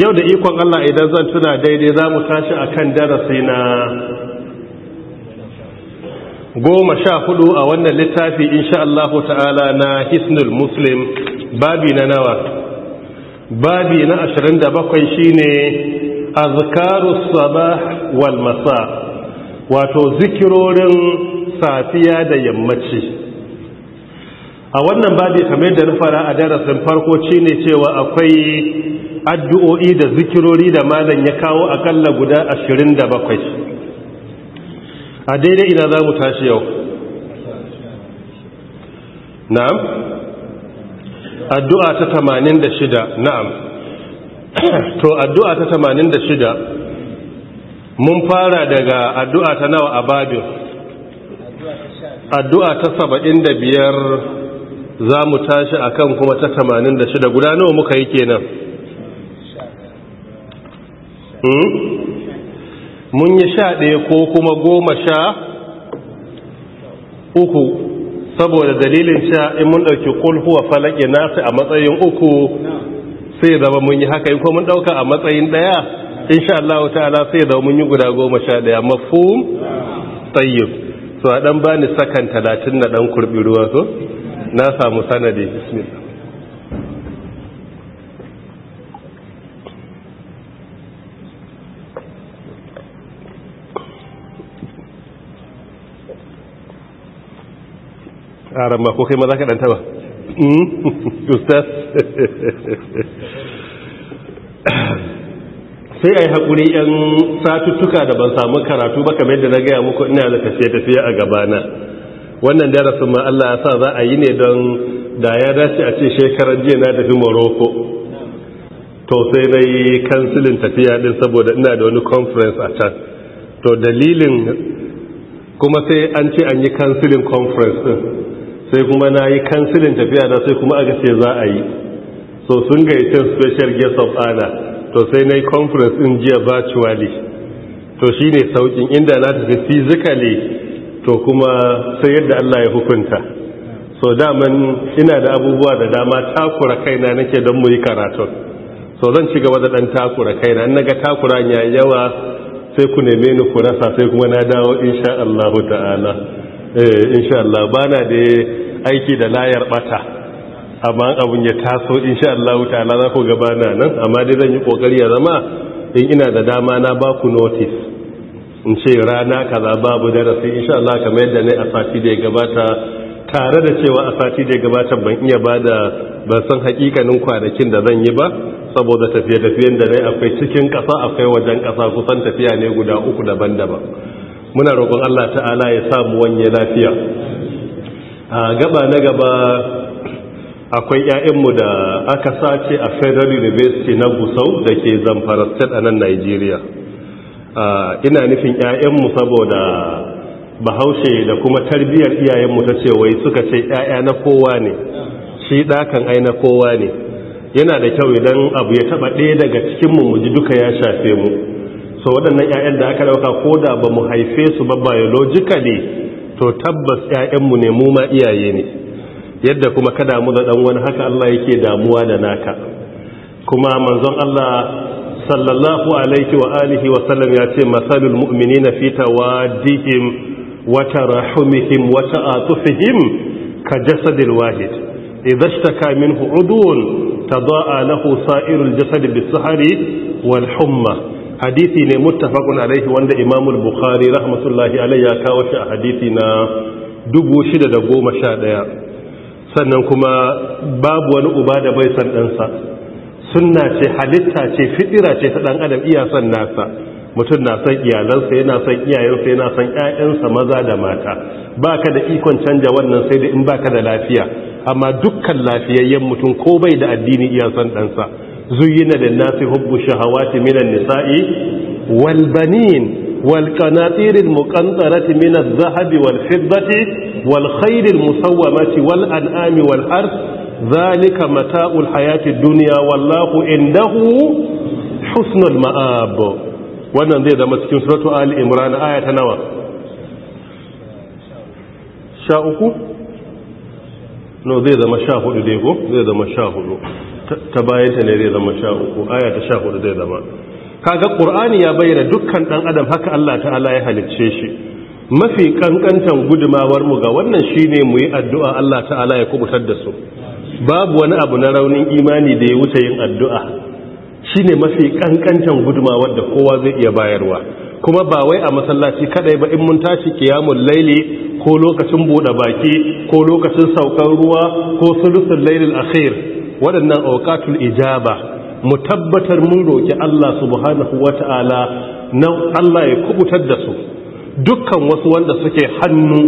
yau da ikon Allah idan zan tuna daidai za mu tashi a kan darasi na goma sha hudu a wannan littafi insha Allah ta'ala na hisnul muslim babi na nawa babi na ashirin da bakwai shi ne wal masa wato zikirorin safiya da yammaci a wannan babi kamar da na fara a darasin farko ne cewa akwai addu'o'i da zikirori da malam ya kawo akalla guda ashirin da bakwai. a daidai ina za mu tashi yau na'am addu'a ta tamanin da shida na'am to addu'a ta tamanin da shida mun fara daga addu'a ta nawa a babin addu'a ta saba'in da biyar za mu tashi akan kuma ta tamanin da shida guda nawa muka yi kenan Hmm? mun yi sha ɗaya ko kuma goma sha uku saboda dalilin sha in mun ɗauki ƙulhuwa falake nasu a matsayin uku sai zama mun yi haka in ko mun ɗauka a matsayin ɗaya in sha Allah ta'ala sai zama mun yi guda goma sha ɗaya mafi tsayyib su a ɗan ba ni sakan talatin na ɗan kurɓi ruwa so na samu sanadi bismillah a ma ko kai ma za ka ɗanta ba hmm? ustaz sai a yi haƙuri 'yan satuttuka da ban samu karatu ba kamar yadda na gaya muku ina da tafiye-tafiye a gabana wannan darasin ma Allah ya sa za a yi ne don da ya dace a ce shekarar jiya na tafi morocco to sai na yi kansilin tafiya ɗin saboda ina da wani conference a can to dalilin kuma sai an ce an yi kansilin conference ɗin sai kuma na yi kansilin tafiya na sai kuma aka ce za a yi so sun gaice special guest of honor to sai na yi conference in jiya virtually to shi ne saukin inda na tafi physically to kuma sai yadda Allah ya hukunta so daman ina da abubuwa da dama takura kaina nake don mu yi karatun so zan ci gaba da ɗan takura kaina An naga takuran yayi yawa sai ku neme ni ku rasa sai kuma na dawo insha Allah ta'ala eh insha Allah bana da aiki da layar bata amma abin ya taso insha Allah ta'ala za ku na nan amma dai zan yi kokari ya zama in ina da dama na ba ku notice in ce rana kaza babu darasi insha Allah kamar yadda ne a sati da ya gabata tare da cewa a sati da ya gabata ban iya bada ban san hakikanin kwanakin da zan yi ba saboda tafiye-tafiyen da ne akwai cikin ƙasa akwai wajen ƙasa kusan tafiya ne guda uku daban-daban muna roƙon Allah ta'ala ya sa mu wanye lafiya a gaba na gaba akwai 'ya'yanmu da aka sace a federal university na gusau da ke zamfara state a nan nigeria ina nufin 'ya'yanmu saboda bahaushe da kuma tarbiyyar iyayenmu ta ce wai suka ce 'ya'ya na kowa ne shi ɗakan ai na kowa ne yana da kyau idan abu ya taɓa ɗaya daga cikinmu mu ji duka ya shafe mu so waɗannan 'ya'yan da aka ɗauka ko da ba mu haife su ba biologically to tabbas 'ya'yanmu ne mu ma iyaye ne yadda kuma ka damu da ɗan wani haka Allah yake damuwa da naka kuma manzon Allah sallallahu alaihi wa alihi wa sallam ya ce masalul mumini na fita wa tarahumihim wa ta'atufihim ka jasadin wahid idza min minhu udun tadaa lahu sa'irul jasadi, bis-sahari wal humma hadisi ne muttafaqun alaihi wanda Imam al-Bukhari rahmatullahi alayhi ya kawo shi a hadisi na 611 sannan kuma babu wani uba da bai san ɗansa sunna ce halitta ce fitira ce ta dan adam iya san nasa mutum na san iyalansa yana san iyayensa yana san ƴaƴansa maza da mata baka da ikon canja wannan sai da in baka da lafiya amma dukkan lafiyayyen mutum ko bai da addini iya san ɗansa zuyina da nasi hubbu shahawati minan nisa'i wal banin wal qanatirin muqantarati min adh-dhahabi wal fiddati wal khayril musawwamati wal an'ami wal ars dhalika mata'ul hayati ad-dunya wallahu indahu husnul ma'ab wannan zai zama cikin suratu ali imran aya ta nawa sha uku no zai zama sha hudu dai go zai zama sha hudu ta bayanta ne zai zama sha uku aya ta sha hudu zai zama kaga ƙur'ani ya bayyana dukkan dan adam haka Allah ta'ala ya halicce shi mafi ƙanƙantan gudumawar mu ga wannan shine mu yi addu'a Allah ta'ala ya kubutar da su babu wani abu na raunin imani da ya wuce yin addu'a shine mafi kankantan gudumawar da kowa zai iya bayarwa kuma ba wai a masallaci kaɗai ba in mun tashi kiyamul laili ko lokacin buɗe baki ko lokacin saukan ruwa ko sulusul lailil akhir waɗannan aukatul ijaba mu tabbatar mun roki Allah subhanahu ta'ala na Allah ya kubutar da su dukkan wasu wanda suke hannu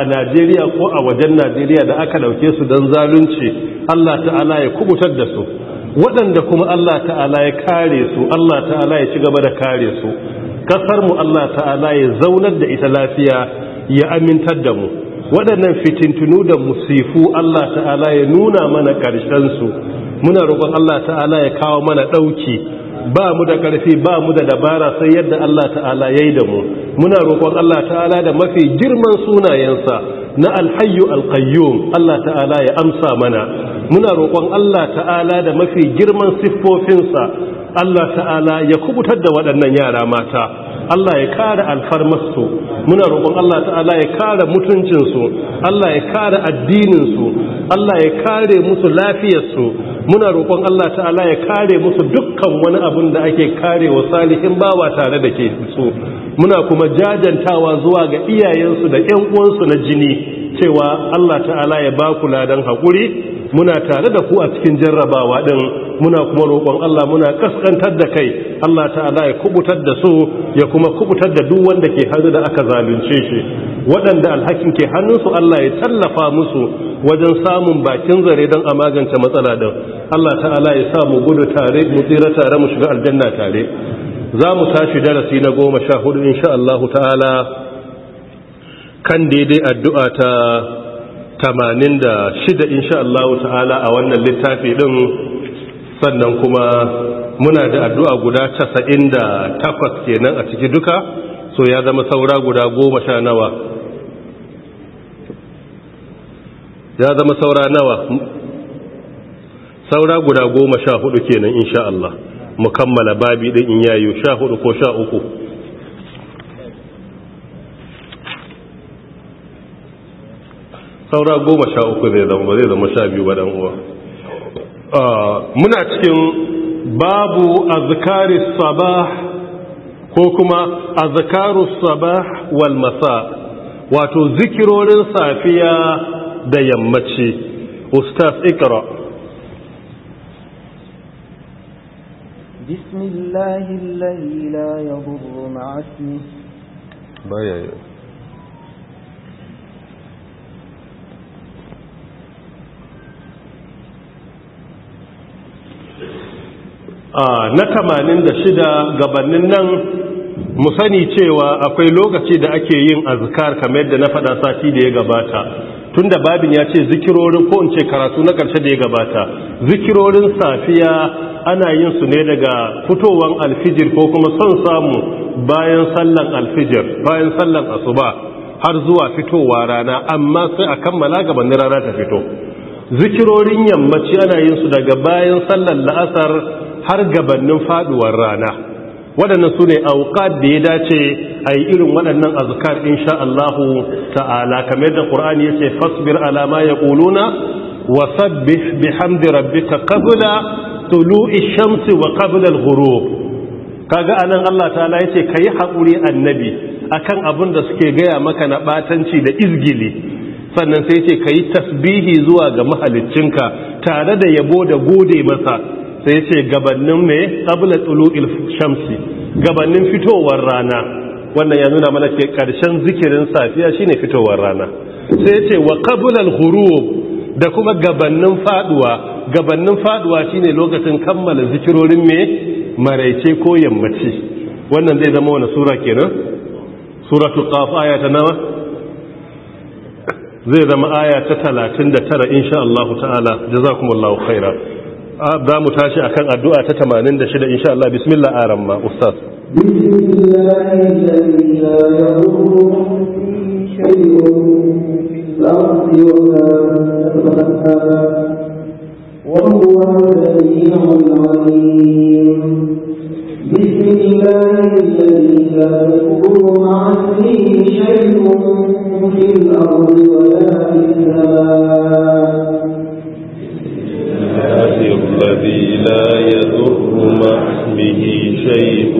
a Najeriya ko a wajen Najeriya da aka dauke su dan zalunci Allah ta'ala ya kubutar da su waɗanda kuma Allah ta'ala ya kare su Allah ta'ala ya ci gaba da kare su kasar mu Allah ta'ala ya zaunar da ita lafiya ya amintar da mu waɗannan fitintunu da musifu Allah ta'ala ya nuna mana ƙarshensu muna roƙon Allah ta'ala ya kawo mana ɗauki ba mu da ƙarfi ba mu da dabara sai yadda Allah ta'ala ya yi da mu muna roƙon Allah ta'ala da mafi girman sunayensa na alhayu alkayyum Allah ta'ala ya amsa mana muna roƙon Allah ta'ala da mafi girman siffofinsa Allah ta'ala ya kubutar da waɗannan yara mata Allah ya kare alfarmarsu muna roƙon Allah ta'ala ya kare mutuncinsu Allah ya kare addininsu Allah ya kare musu lafiyarsu muna roƙon Allah ta'ala ya kare musu dukkan wani abin da ake kare wa salihin bawa tare da ke su muna kuma jajantawa zuwa ga iyayensu da 'yan uwansu na jini cewa Allah ta'ala ya ba ku ladan haƙuri muna tare da ku a cikin jarrabawa din, muna kuma roƙon Allah muna kaskantar da kai Allah ta'ala ya kubutar da su ya kuma kubutar da duk wanda ke hannu da aka zalunce shi waɗanda alhakin ke hannunsu Allah ya tallafa musu wajen samun bakin zare don a magance matsala ɗin Allah ta'ala ya sa mu gudu tare mu tsira tare mu shiga aljanna tare za mu tashi darasi na goma sha hudu insha Allah ta'ala kan daidai addu'a ta 86 insha Allah ta'ala a wannan littafi din sannan kuma muna da addu'a guda 98 kenan a ciki duka so ya zama saura guda goma sha nawa ya zama saura nawa saura guda goma sha hudu kenan insha Allah mukammala babi din in yayo sha hudu ko sha uku saura goma sha uku zai zama ba zai zama sha biyu ba uwa ah, muna cikin babu azkari sabah ko kuma azkaru sabah wal masa wato zikirorin safiya da yammaci ustaz ikra بسم الله الذي لا يضر مع na tamanin da shida gabanin nan mu sani cewa akwai lokaci da ake yin azkar kamar yadda na faɗa sati da ya gabata tunda babin ya ce zikirorin ko in ce karatu na ƙarshe da ya gabata zikirorin safiya ana yin su ne daga fitowar alfijir ko kuma son samu bayan sallan alfijir bayan sallan asuba har zuwa fitowa rana amma sai a kammala gabanin rana ta fito zikirorin yammaci ana yin su daga bayan sallan la'asar har gabannin faduwar rana waɗannan su ne auƙat da ya dace a yi irin waɗannan azkar insha Allahu ta'ala kamar da ƙur'ani ya ce fasbir alama ya ƙuluna wa sabbih bihamdi rabbika qabla tulu'i shamsi wa qabla al-ghurub kaga anan Allah ta'ala yace kai haƙuri annabi akan abin da suke gaya maka na batanci da izgili sannan sai yace kai tasbihi zuwa ga mahaliccinka tare da yabo da gode masa sai ce gabanin mai tsabla tulu'il shamsi gabannin fitowar rana wannan ya nuna mana ke ƙarshen zikirin safiya shine fitowar rana sai ce wa qablal ghurub da kuma gabanin faduwa gabannin faduwa shine lokacin kammala zikirorin mai maraice ko yammaci wannan zai zama wani sura kenan suratul qaf aya ta nawa zai zama aya ta 39 insha Allah ta'ala jazakumullahu khairan آه، za mu tashi akan addu'a ta 86 insha Allah bismillah aran ma ustaz وهو السميع العليم بسم الله الذي لا يضر مع اسمه شيء في الارض ولا في السماء الذي لا يضر مع اسمه شيء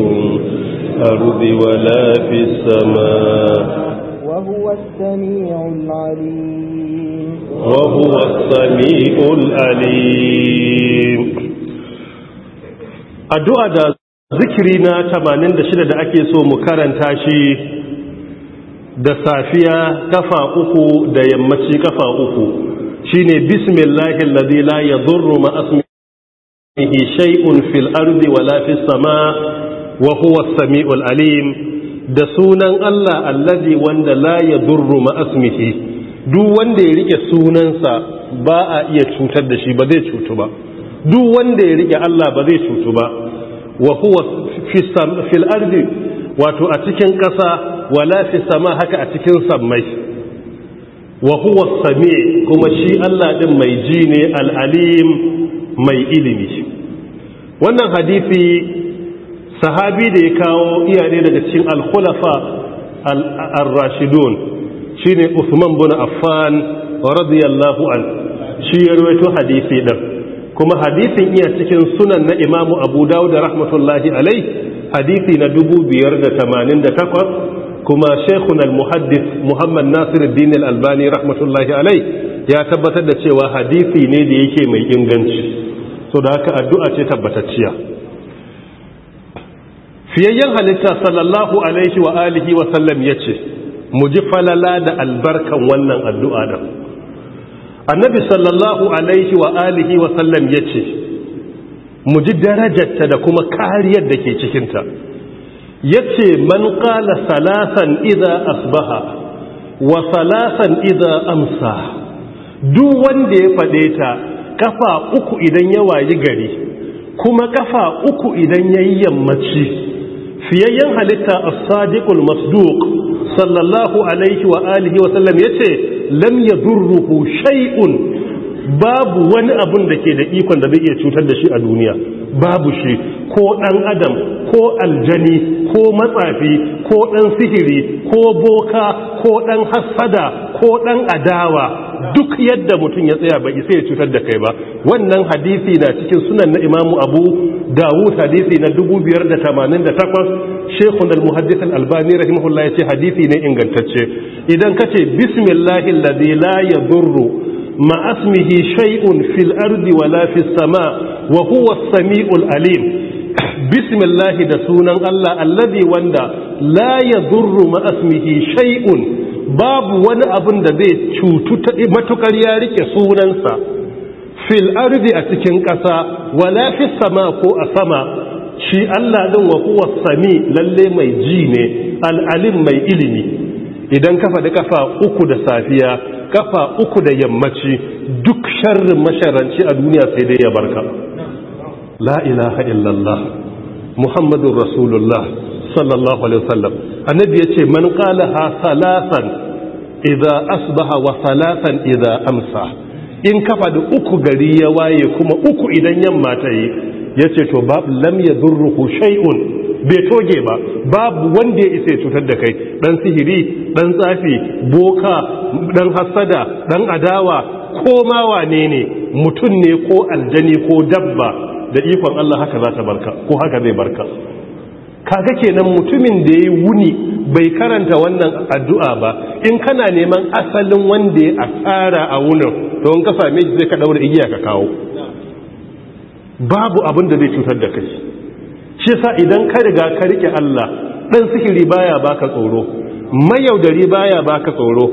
أرض ولا في السماء وهو السميع العليم وهو السميع العليم addu'a ذكرنا تمانين na 86 da ake تاشي da safiya kafa uku da yammaci kafa uku shine bismillahil ladzi la yadhurru ma به شيء wala الأرض sama, في السماء وهو da sunan Allah allazi wanda la yadurru ma asmihi duk wanda ya rike sunansa ba a iya cutar da shi ba zai cutu ba duk wanda ya rike Allah ba zai cutu ba wa huwa fil ardi wato a cikin ƙasa wala fi sama haka a cikin sammai wa huwa sami kuma shi Allah din mai ji ne al alim mai ilimi wannan hadisi sahabi da ya kawo iyane daga cikin al-khulafa al rashidun shine Uthman bin Affan radiyallahu an shi ya rawaito hadisi din kuma hadisin iya cikin sunan na Imam Abu Dawud rahmatullahi alai hadisi na 2588 kuma shekun al-muhaddis muhammad nasiruddin al-albani rahmatullahi alai ya tabbatar da cewa hadisi ne da yake mai inganci so da haka addu'a ce tabbatacciya fiyayyen halitta sallallahu alaihi wa alihi wa sallam ya ce mu ji falala da albarkan wannan addu'a da annabi sallallahu alaihi wa alihi wa sallam ya ce mu ji darajarta da kuma kariyar da ke cikinta ya ce man ƙala salasan iza asbaha wa salasan iza amsa duk wanda ya faɗe ta kafa uku idan ya wayi gari kuma kafa uku idan ya yi yammaci fiyayyen halitta a sadiqul masduq sallallahu alaihi wa alihi wa sallam ya ce lam ya durruhu shai'un babu wani abun da ke da ikon da zai iya cutar da shi a duniya babu shi ko ɗan adam ko aljani ko matsafi ko ɗan sihiri ko boka ko ɗan hassada ko ɗan adawa duk yadda mutum ya tsaya bai sai ya cutar da kai ba wannan hadisi na cikin sunan na imamu abu dawud hadisi na 588 shekun al-muhaddis al-albani rahimahullah ya ce hadisi ne ingantacce idan ka ce bismillahi alladhi la yadurru ma asmihi shay'un fil ardi wala fis sama wa huwa as-sami'ul alim bismillahi da sunan Allah alladhi wanda la yadurru ma asmihi shay'un babu wani abin da zai cutu matukar ya rike sunansa fil arzi a cikin ƙasa wala fi sama ko a sama shi Allah din wa kuwa sami lalle mai ji ne al'alim mai ilimi idan kafa da kafa uku da safiya kafa uku da yammaci duk sharrin masharanci a duniya sai dai ya barka la ilaha illallah muhammadun rasulullah sallallahu alaihi wasallam annabi ya ce man ƙala ha salasan idan asbaha wa salasan idan amsa in kafa da uku gari ya waye kuma uku idan yamma ta yi ya ce to babu lam ya durruhu shay'un bai toge ba babu wanda ya isa cutar da kai dan sihiri dan tsafi boka dan hasada, dan adawa ko ma wane ne mutum ne ko aljani ko dabba da ikon Allah haka za ta barka ko haka zai barka kaga kenan mutumin da ya wuni bai karanta wannan addu'a ba in kana neman asalin wanda ya tsara a wunin to in ka same zai ka daura igiya ka kawo babu abin da zai cutar da kai shi sa idan ka riga ka rike Allah ɗan sihiri baya baka tsoro mayaudari baya baka tsoro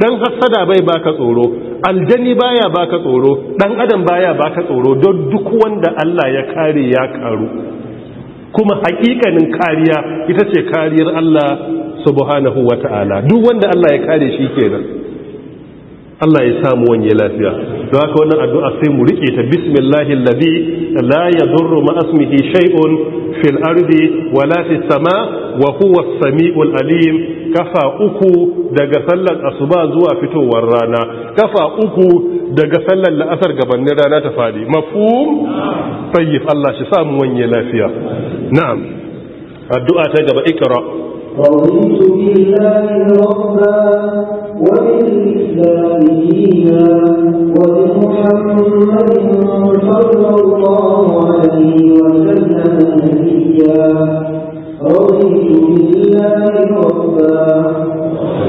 ɗan hasada bai baka tsoro aljani baya baka tsoro dan adam baya baka tsoro don duk wanda Allah ya kare ya karu kuma hakikanin kariya ita ce kariyar Allah subhanahu wa ta'ala duk wanda Allah ya kare shi kenan Allah ya samu wanye lafiya don haka wannan addu'a sai mu rike ta bismillahi alladhi la yadurru asmihi shai'un shay'un fil ardi wala sama wa huwa samiul alim kafa uku daga sallar asuba zuwa fitowar rana kafa uku daga sallar la'asar gabanin rana ta fadi mafhum tayyib Allah shi samu wanye lafiya نعم addu'a ta gaba رضيت بالله ربا وبالإسلام دينا وبمحمد صلى الله عليه وسلم نبيا رضيت بالله ربا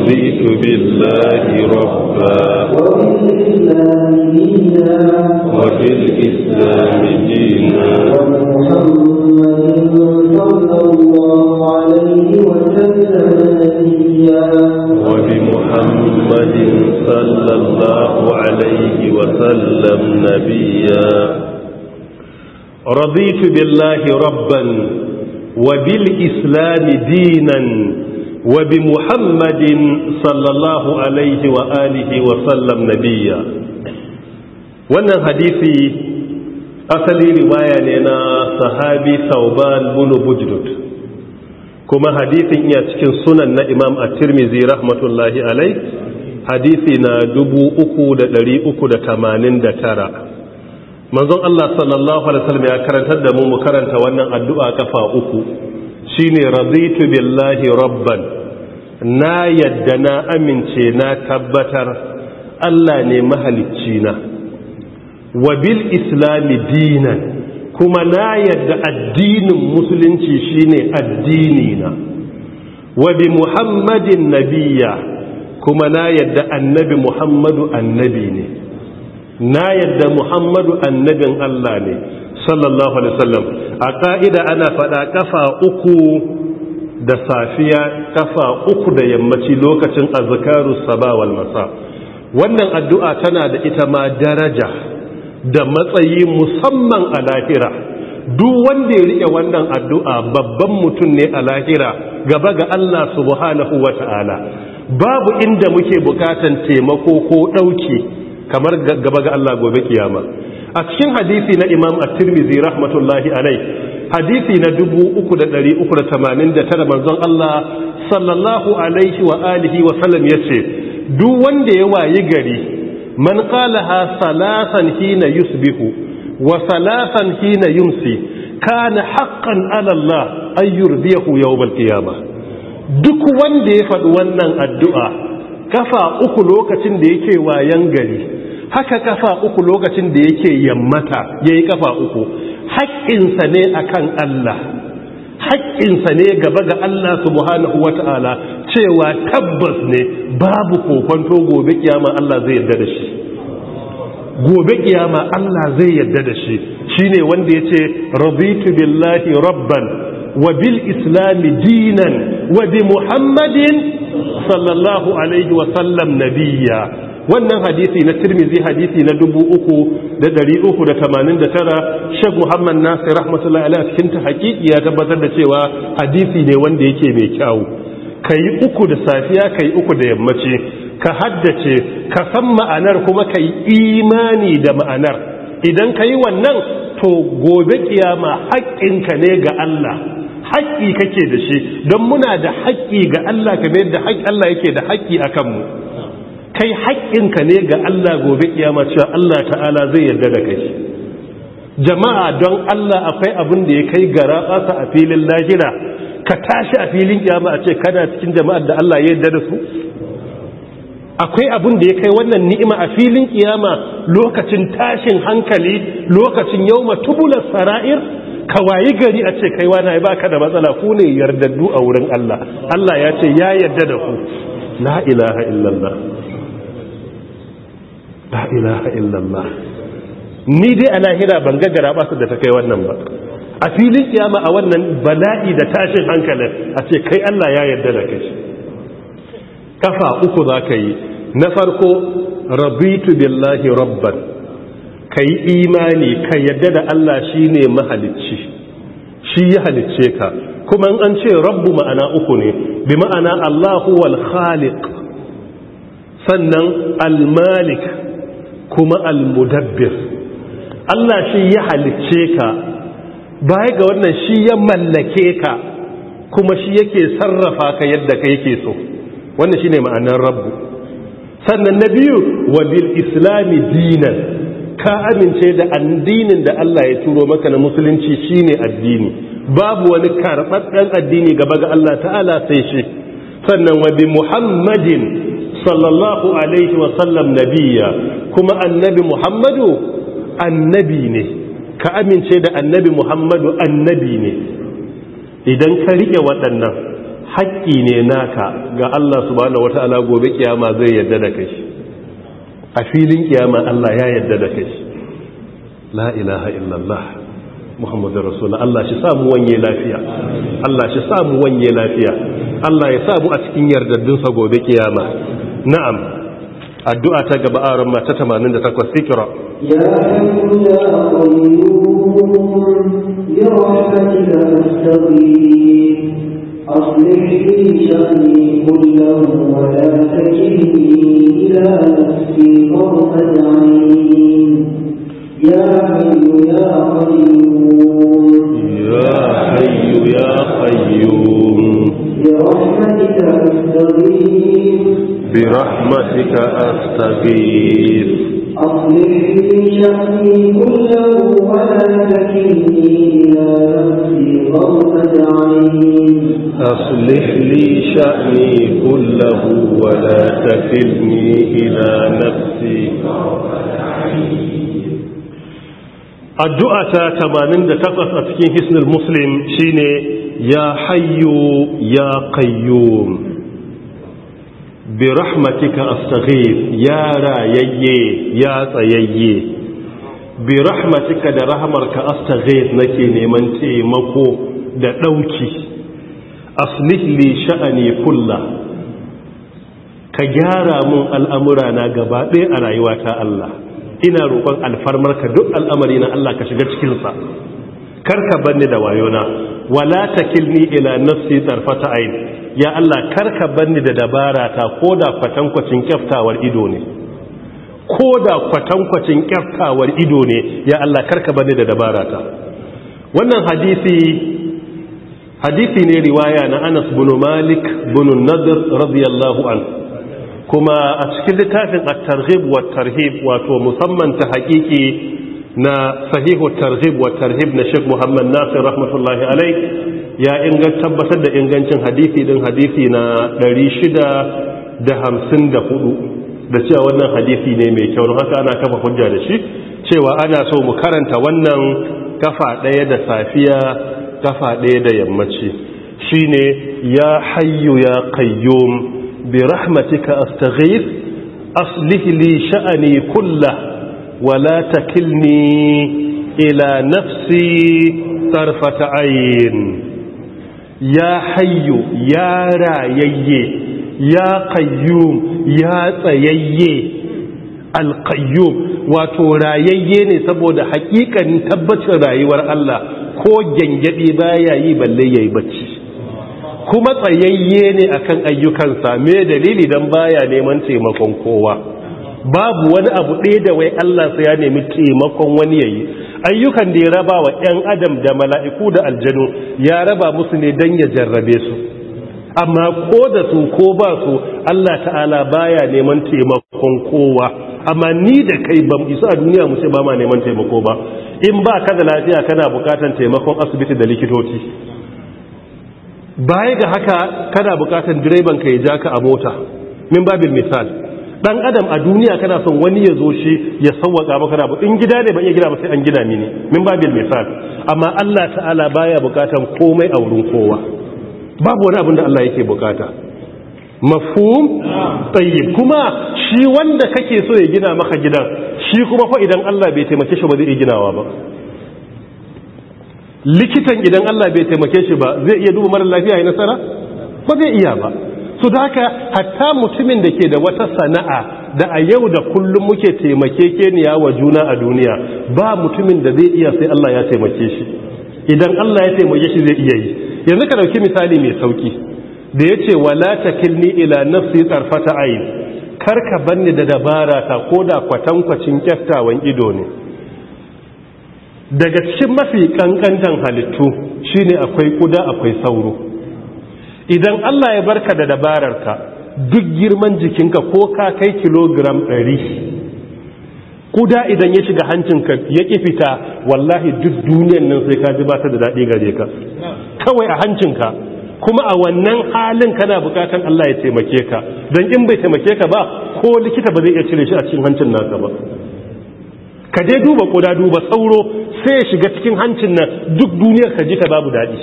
رضيت بالله ربا وبالإسلام دينا وبمحمد صلى الله عليه وسلم نبيا رضيت بالله ربا وبالإسلام دينا وبمحمد صلى الله عليه وآله وسلم نبيا wannan hadisi asali riwaya ne na sahabi sauban bunu bujdud kuma hadisin iya cikin sunan na imam a tirmizi rahmatullahi alai hadisi na 3,389 manzon Allah sallallahu alaihi wasallam ya karantar da mu mu karanta wannan addu'a kafa uku shine raditu billahi rabban na yadda na amince na tabbatar Allah ne mahalicci na wa bil islami dinan kuma na yadda addinin musulunci shine ne addinina, wa bi muhammadin nabiyya kuma na yadda annabi muhammadu annabi ne na yadda muhammadu annabin Allah ne sallallahu alaihi wasallam a ƙa'ida ana fada kafa uku da safiya kafa uku da yammaci lokacin azkaru sabawal masa wannan addu'a tana da ita ma daraja da matsayi musamman a lahira duk wanda ya riƙe wannan addu'a babban mutum ne a lahira gaba ga Allah subhanahu wa ta'ala babu inda muke bukatan taimako ko ɗauki kamar gaba ga Allah gobe kiyama a cikin hadisi na imam at-tirmidhi rahmatullahi alai hadisi na 3389 manzon Allah sallallahu alaihi wa alihi wa sallam yace duk wanda ya wayi gari man qalaha salasan hina yusbihu wa salasan hina yumsi kana haqqan ala Allah ay yurdiyahu yawm al-qiyamah duk wanda ya faɗi wannan addu'a kafa uku lokacin da yake wayan gari haka kafa uku lokacin da yake yammata yayi kafa uku haƙƙinsa ne a kan Allah haƙƙinsa ne gaba ga Allah subhanahu ta'ala cewa tabbas ne babu kokonto gobe kiyama Allah zai yarda da shi gobe kiyama Allah zai yarda da shi shi ne wanda ya ce, rabitu billahi rabban wa bil islami dinan wa bi muhammadin sallallahu alaihi wa sallam nabiyya wannan hadisi na tirmizi hadisi na dubu uku uku da da da tamanin tara shek muhammad nasir rahmatullahi ala cikin ta hakiki ya tabbatar da cewa hadisi ne wanda yake mai kyau yi uku da safiya ka yi uku da yammaci ka haddace ka san ma'anar kuma ka yi imani da ma'anar idan ka yi wannan to gobe kiyama haƙƙinka ne ga Allah haƙƙi kake da shi don muna da haƙƙi ga Allah kamar yadda Allah yake da haƙƙi a kanmu? kai haƙƙinka ne ga Allah gobe ƙiyama cewa Allah ta'ala zai yarda da kai jama'a don Allah akwai abin da ya kai gara fasa a filin lahira ka tashi a filin ƙiyama a ce kada cikin jama'a da Allah ya yarda da su akwai abin da ya kai wannan ni'ima a filin ƙiyama lokacin tashin hankali lokacin yauma tubular sara'ir ka wayi gari a ce kai wani ba ka da matsala ku ne yardaddu a wurin Allah Allah ya ce ya yarda da ku la ilaha illallah ilaha illallah ni dai a lahira ban gaggara ba su da ta kai wannan ba a filin kiyama a wannan bala'i da tashin hankalin a ce kai Allah ya yarda da kai kafa uku za ka yi na farko rabitu billahi rabban ka yi imani ka yarda da Allah shi ne mahalicci shi ya halicce ka kuma an ce rabbu ma'ana uku ne bi ma'ana Allah huwal khaliq sannan al-malik kuma al-mudabbir Allah shi ya halicce ka baya ga wannan shi ya mallake ka kuma shi yake sarrafa ka yadda ka yake so wannan shine ma'anar rabbu sannan na biyu wa bil islami dinan ka amince da addinin da Allah ya turo maka na musulunci shine addini babu wani karɓaɗɗen addini gaba ga Allah ta'ala sai shi sannan wa bi muhammadin sallallahu alaihi wasallam nabiya kuma annabi muhammadu annabi ne ka amince da annabi muhammadu annabi ne idan ka riƙe waɗannan haƙƙi ne naka ga Allah subhanahu wata'ala gobe kiyama zai yadda da kai a filin kiyama Allah ya yadda da kai la ilaha illallah muhammadu rasulullah Allah shi samu wanye lafiya Allah shi samu wanye lafiya Allah ya samu a cikin yardardinsa gobe kiyama na'am addu'a ta gaba aron mata 88 sikira ya ya qayyum ya rahmatika astaghfir أصلح لي شأني كله ولا تكلني إلى نفسي طرفة عين يا حي يا قيوم يا حي يا القيوم برحمتك أستغيث برحمتك أستغيث أصلح لي شأني كله ولا تكلني إلى نفسي غرفة عين أصلح لي شأني كله ولا تكلني إلى نفسي غرفة عين addu'a 88 في cikin المسلم muslim shine ya hayo ya kayyum bi rahmatika astaghif ya rayayye ya tsayayye bi rahmatika da rahmarka astaghif nake neman taimako da dauki aslih li sha'ani kulla ka gyara mun al'amura na gaba a rayuwa ta Allah ina roƙon alfarmarka duk al'amari na Allah ka shiga cikinsa karka banni da wayona wala takilni ila nafsi tarfata ayn ya Allah karka banni da dabara ta koda kwatankwacin kyaftawar ido ne koda kyaftawar ido ne ya Allah karka banni da dabara ta wannan hadisi hadisi ne riwaya na Anas bin Malik bin Nadr radiyallahu an kuma a cikin littafin at-targhib wa tarhib wato musamman ta hakiki. na sahihu tarhib wa tarhib na Sheikh Muhammad Nasir rahmatullahi alai ya inga tabbatar da ingancin hadisi din hadisi na 654 da cewa wannan hadisi ne mai kyau haka ana kafa hujja da shi cewa ana so mu karanta wannan kafa ɗaya da safiya kafa ɗaya da yammaci shine ya hayyu ya qayyum bi rahmatika astaghith aslih li sha'ani kullahu wala takilni ila nafsi tarfata ayin ya hayyu ya rayayye ya qayyum ya tsayayye alqayyum wato rayayye ne saboda hakikanin tabbacin rayuwar Allah ko gyangyaɗe baya yi balle yayi bacci kuma tsayayye ne akan ayyukansa me dalili dan baya neman taimakon kowa babu wani abu ɗaya da wai Allah sai ya nemi taimakon wani yayi ayyukan da ya raba wa ɗan adam da mala'iku da aljanu ya raba musu ne don ya jarrabe su amma ko da su ko ba su Allah ta'ala baya neman taimakon kowa amma ni da kai ba isa a duniya mu ce ba ma neman taimako ba in ba ka da lafiya kana bukatan taimakon asibiti da likitoci baya ga haka kana bukatan direban ka ya ja ka a mota min babin misal Ɗan adam a duniya kana son wani ya zo shi ya sawwaka maka da in gida ne ba iya gida ba sai an gida mini min babil misal amma Allah ta'ala baya bukatan komai a wurin kowa babu wani abin da Allah yake bukata mafhum tayyib kuma shi wanda kake so ya gina maka gidan shi kuma fa idan Allah bai taimake shi ba zai ginawa ba likitan idan Allah bai taimake shi ba zai iya duba mara lafiya ya nasara ba zai iya ba su da haka hatta mutumin da ke da wata sana'a da a yau da kullum muke taimake wa juna a duniya ba mutumin da zai iya sai Allah ya taimake shi idan Allah ya taimake shi zai iya yi yanzu ka dauki misali mai sauki da ya ce wala takilni ila nafsi tsarfata ayin karka banni da dabara ta ko da kwatankwacin kyaftawan ido ne daga cikin mafi kankantan halittu shine akwai kuda akwai sauro idan Allah ya barka da dabararka duk girman jikinka ko ka kai kilogram ɗari, kuda idan ya shiga hancinka ya ƙi fita wallahi duk duniyan nan sai ka ji ba ta da daɗi gare ka kawai a hancinka kuma a wannan halin kana bukatan Allah ya taimake ka don in bai taimake ka ba ko likita ba zai iya cire shi a cikin hancin nasa ba ka je duba kuda duba sauro sai ya shiga cikin hancin nan duk duniyar ka ji ta babu daɗi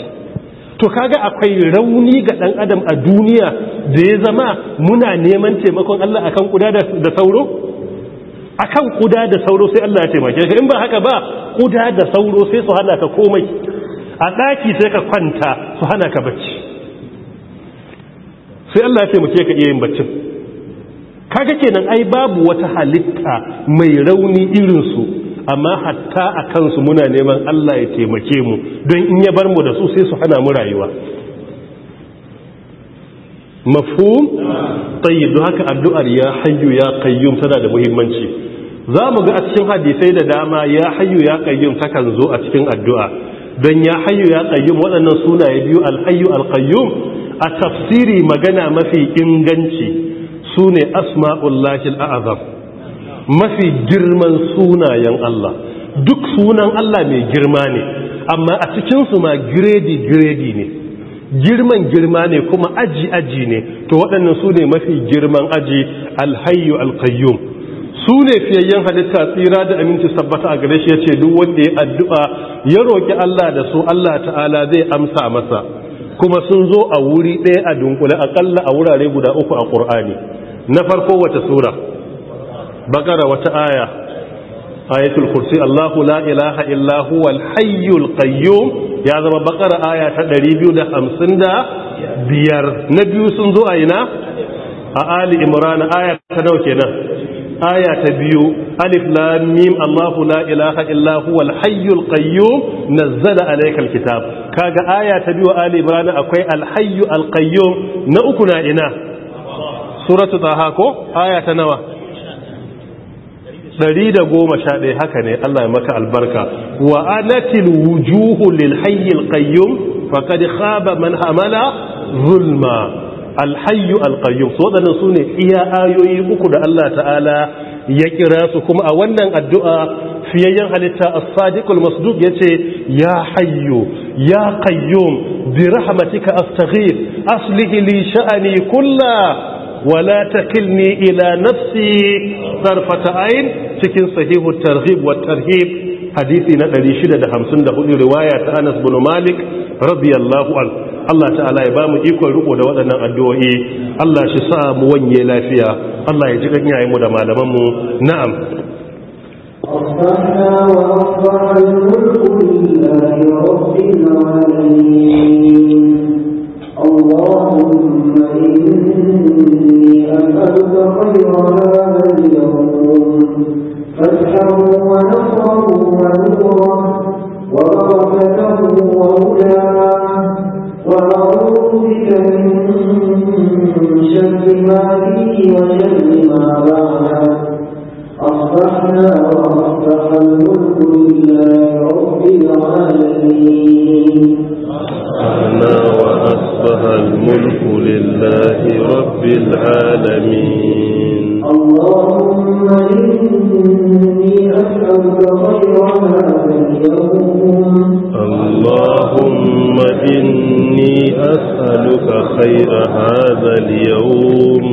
to kaga akwai rauni ga dan adam a duniya da ya zama muna neman taimakon Allah akan kuda da sauro akan kuda da sauro sai Allah ya taimake ka in ba haka ba kuda da sauro sai su hana ka komai a daki sai ka kwanta su hana ka bacci sai Allah ya taimake ka iya yin baccin kaga kenan ai babu wata halitta mai rauni irin su amma hatta a kansu muna neman Allah ya taimake mu don in ya bar mu da su sai su hana mu rayuwa mafhum tayyib don haka addu'ar ya hayyu ya qayyum tana da muhimmanci za mu ga a cikin hadisai da dama ya hayyu ya qayyum takan zo a cikin addu'a don ya hayyu ya qayyum waɗannan sunaye biyu al-hayyu al-qayyum a tafsiri magana mafi inganci sune asma'ullahi al-a'zam mafi girman sunayen Allah duk sunan Allah mai girma ne amma a cikinsu ma giredi-giredi ne girman girma ne kuma aji-aji ne to waɗannan su ne mafi girman aji alhayu alkayyum su ne fiyayyen halitta tsira da aminci sabbata a gare shi ya ce duk wanda ya addu'a ya roƙi Allah da su Allah ta'ala zai amsa masa kuma sun zo a wuri ɗaya a dunkule aƙalla a wurare guda uku a ƙur'ani na farko wata sura bakara wata aya ayatul kursi Allahu la ilaha illa huwal hayyul qayyum ya zama bakara aya ta 255 na biyu sun zo a ina a ali imran aya ta nawa kenan aya ta biyu alif lam mim Allahu la ilaha illa huwal hayyul qayyum nazzala alaykal kitab kaga aya ta biyu ali imran akwai alhayyu hayyu qayyum na uku na ina suratu taha ko aya ta nawa ɗari da goma sha ɗaya haka ne Allah ya maka albarka wa anatil wujuhu lil hayyil qayyum faqad khaba man hamala zulma al hayyu al qayyum so wadannan sune iya ayoyi uku da Allah ta'ala ya kira su kuma a wannan addu'a fiyayyen halitta as-sadiqul masduq yace ya hayyu ya qayyum bi rahmatika astaghith aslih li sha'ani kullahu wala takilni ila nafsi zarfata ayn cikin sahihu tarhib wa tarhib hadisi na 654 riwaya ta Anas bin Malik radiyallahu an. Allah ta'ala ya bamu ikon riko da waɗannan addu'o'i Allah shi sa mu wanye lafiya Allah ya ji ganyayen mu da malaman mu na'am ربنا اللهم إني أسألك خير هذا اليوم فتحه ونصره ونوره وبركته وهداه ونعوذ بك من شر ما فيه وشر ما بعد أصبحنا وأصبح الملك لله رب العالمين أصبحنا وأصبح الملك لله رب العالمين اللهم إني أسألك خير هذا اليوم اللهم إني أسألك خير هذا اليوم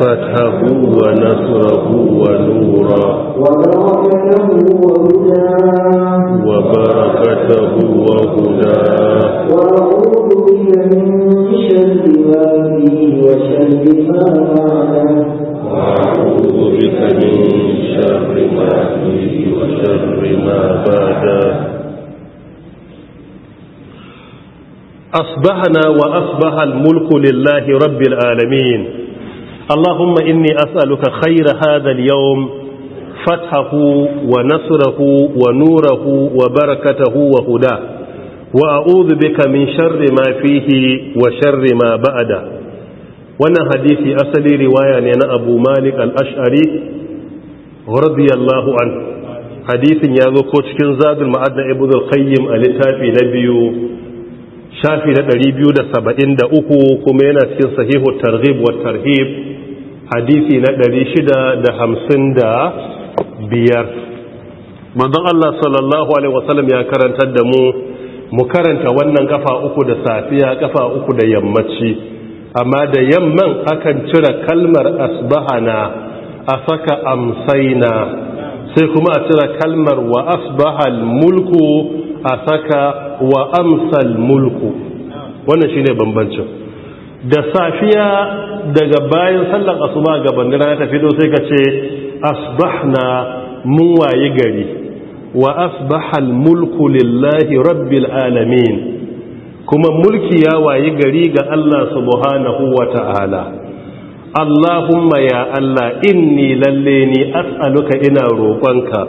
فتحه ونصره ونورا وبركته وهداه وبركته وهداه وأعوذ بك من شر والدي وشر ما بعده ونعوذ بك من شر والدي وشر ما بعده أصبحنا وأصبح الملك لله رب العالمين اللهم إني أسألك خير هذا اليوم فتحه ونصره ونوره وبركته وهداه وأعوذ بك من شر ما فيه وشر ما بعده وانا حديثي أسلي رواية لنا أبو مالك الأشعري رضي الله عنه hadisin ya zo ko cikin zadul ma'adna ibn al-qayyim a littafi na biyu shafi na 273 kuma yana cikin sahihu targhib wa tarhib hadisi na 655 manzon Allah sallallahu alaihi wasallam ya karantar da mu mu karanta wannan kafa uku da safiya kafa uku da yammaci amma da yamman akan cire kalmar asbahana a saka amsaina sai kuma a cire kalmar wa asbahal mulku a saka wa amsal mulku wannan shine bambancin da safiya daga bayan sallar asuba gabanin rana ta fito sai ka ce asbahna mun waye gari wa asbahal mulku lillahi rabbil alamin kuma mulki ya waye gari ga Allah subhanahu wa ta'ala Allahumma ya Allah inni lalle ni as'aluka ina roƙonka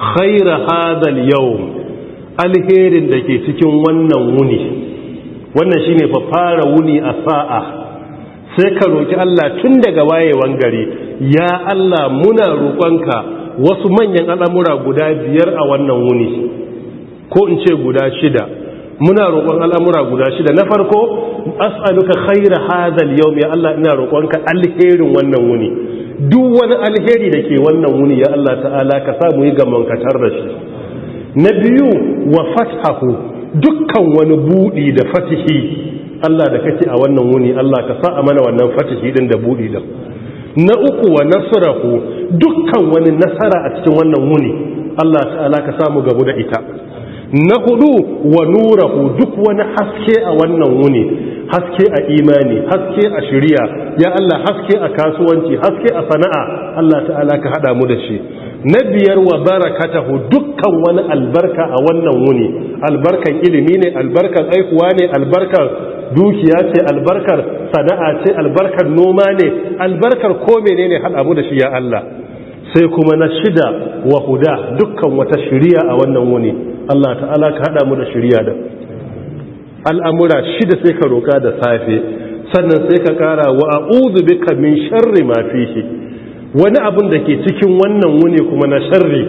khaira hadal yawm alherin da ke cikin wannan wuni wannan shi ne fara wuni a sa'a sai ka roƙi Allah tun daga wayewan gari ya Allah muna roƙonka wasu manyan al'amura guda biyar a wannan wuni ko in ce guda shida muna roƙon al'amura guda shida na farko as'aluka khaira hazal yau ya Allah ina roƙonka alherin wannan wuni duk wani alheri da ke wannan wuni ya Allah ta'ala ka samu yi gamankatar da shi na biyu wa fathahu dukkan wani buɗi da fatihi Allah da kake a wannan wuni Allah ka sa a mana wannan fatihi din da buɗi din na uku wa nasrahu dukkan wani nasara a cikin wannan wuni Allah ta'ala ka samu gabu da ita na hudu wa nurahu duk wani haske a wannan wuni haske a imani haske a shari'a ya Allah haske a kasuwanci haske a sana'a Allah ta'ala ka hada mu da shi na biyar wa barakatahu dukkan wani albarka a wannan wuni albarkan ilimi ne albarkan aikuwa ne albarkan dukiya ce albarkar sana'a ce albarkar noma ne albarkar ko ne har abu da shi ya Allah sai kuma na shida wa huda dukkan wata shiriya a wannan wuni Allah ta'ala ka hada mu da shiriya da al'amura shida sai ka roka da safe sannan sai ka kara wa a'udhu bika min sharri ma fihi wani abun da ke cikin wannan wuni kuma na sharri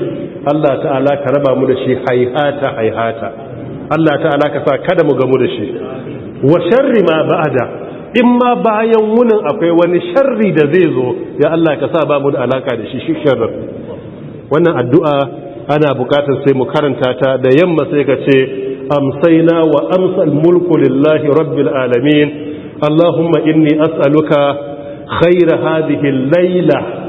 Allah ta'ala ka raba mu da shi haihata haihata Allah ta'ala ka sa kada mu gamu da shi wa sharri ma ba'ada in ma bayan wunin akwai wani sharri da zai zo ya Allah ka sa ba mu da alaka da shi sharri wannan addu'a ana bukatar sai mu karanta ta da yamma sai ka ce amsaina wa amsal mulku lillahi rabbil alamin allahumma inni as'aluka khayra hadhihi al-laila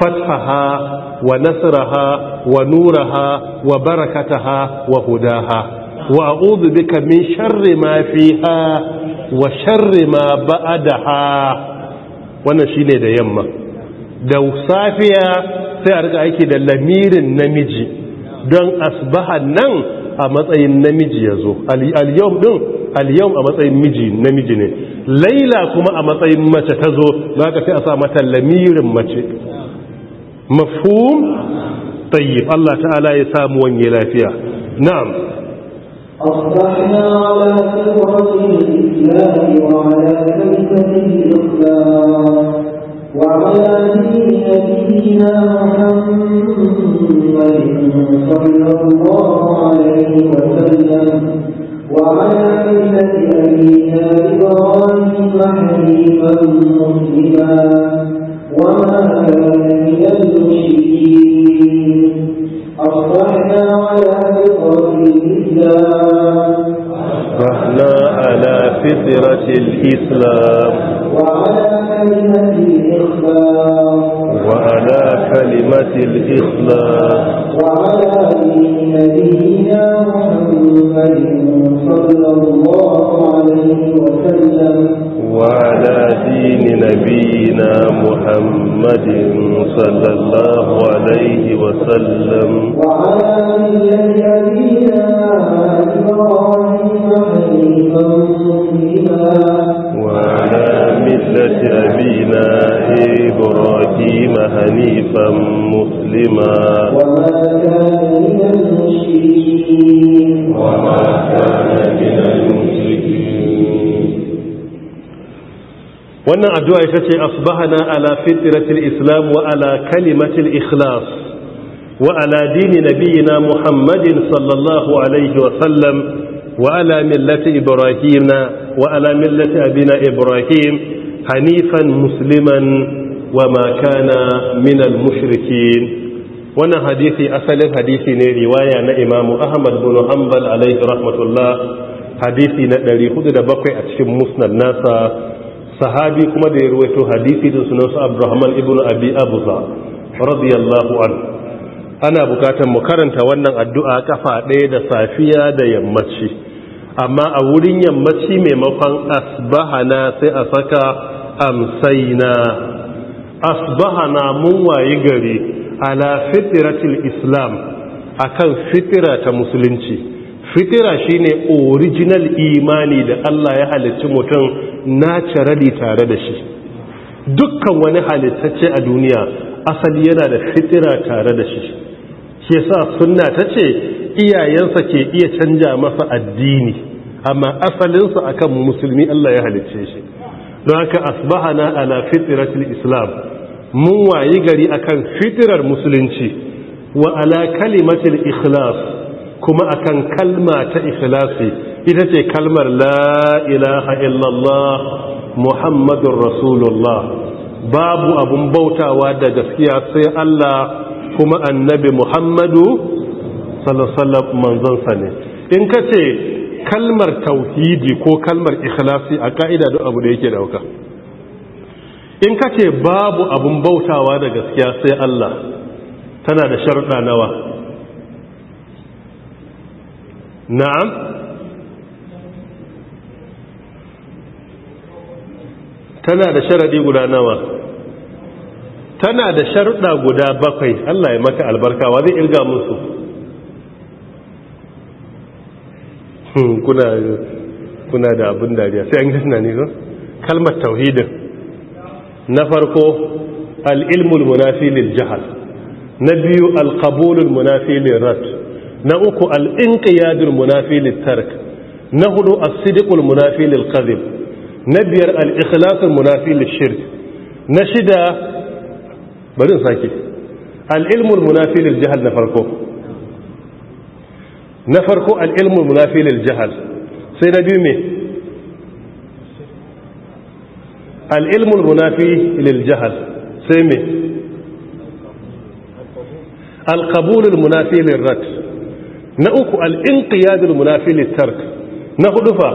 wa فتحها ونصرها ونورها وبركتها وهداها وأعوذ بك من شر sharrima فيها وشر ما بعدها wannan shine da yamma da safiya sai a riga aiki da lamirin namiji don asbahan nan a matsayin namiji yazo al-yawm din a matsayin miji namiji ne laila kuma a matsayin mace ta tazo zaka fi a sa mata lamirin mace مفهوم طيب الله تعالى يسام وني فيها نعم أصبحنا على سورة الإسلام وعلى كلمة الإخلاص وعلى دين نبينا محمد صلى الله عليه وسلم وعلى ملة أبينا إبراهيم حنيفا مسلما وما من المشركين أصبحنا على فطرة الإسلام أصبحنا على فطرة الإسلام وعلى كلمة الإخلاص وعلى كلمة وعلى نبينا محمد صلى الله عليه وسلم وعلى دين نبينا محمد صلى الله عليه وسلم وعلى ملة أبينا إبراهيم حنيفا مسلما وعلى ملة أبينا إبراهيم هنيفا مسلما وما كان من المشركين وما كان من المشركين wannan addu'a ita ce asbahana ala fitratil islam wa ala kalimatil ikhlas wa ala dini nabiyina muhammadin sallallahu alaihi wa sallam وعلى ملة إبراهيم وعلى ملة أبينا إبراهيم حنيفا مسلما وما كان من المشركين wannan hadisi asalin hadisi ne riwaya na imamu ahmad bin hanbal alaihi rahmatullah hadisi na 407 a cikin musnad nasa sahabi kuma da ya ruwaito hadisi din sunan su abdurrahman ibn abi abuza radiyallahu an ana bukatan mu karanta wannan addu'a kafa ɗaya da safiya da yammaci amma a wurin yammaci maimakon asbahana sai a saka amsaina asbahana mun waye gari ala fitiratul islam akan fitira ta musulunci fitira shine original imani da Allah ya halicci mutum naturally tare da shi dukkan wani halittacce a duniya asali yana da fitira tare da shi Ke sa sunna ta ce iyayensa ke iya canja masa addini amma asalinsa akan musulmi Allah ya halicce shi don haka asbahana ala fitratul islam mun wayi gari akan fitirar musulunci wa ala kalimatul ikhlas kuma akan kalma ta ikhlasi ita ce kalmar la ilaha illallah muhammadur rasulullah babu abun bautawa da gaskiya sai Allah kuma annabi muhammadu sallallahu manzansa ne in ka ce kalmar tauhidi ko kalmar ikhlasi a ka'ida don abu da yake dauka in ka ce babu abun bautawa da gaskiya sai Allah tana da sharɗa nawa na'am tana da sharaɗi guda nawa tana da sharuɗa guda bakwai Allah ya maka albarka wa zai ilga musu hmm, kuna da abin dariya sai an gina ne zo kalmar tauhidin na farko al'ilmul munafilin jihar na biyu alƙabulul munafilin rat na uku al'inƙiyadul munafi lil tark na hudu asidikul munafilin lil na biyar al'ikhlasul munafilin shirk na shida bari in sake al'ilmul munafilil jihal na farko na farko al'ilmul munafilil jihal sai na biyu me al'ilmul munafilil jihar sai me alƙabulul munafilil rat na uku al'inƙiyadul munafilil tark na hudu fa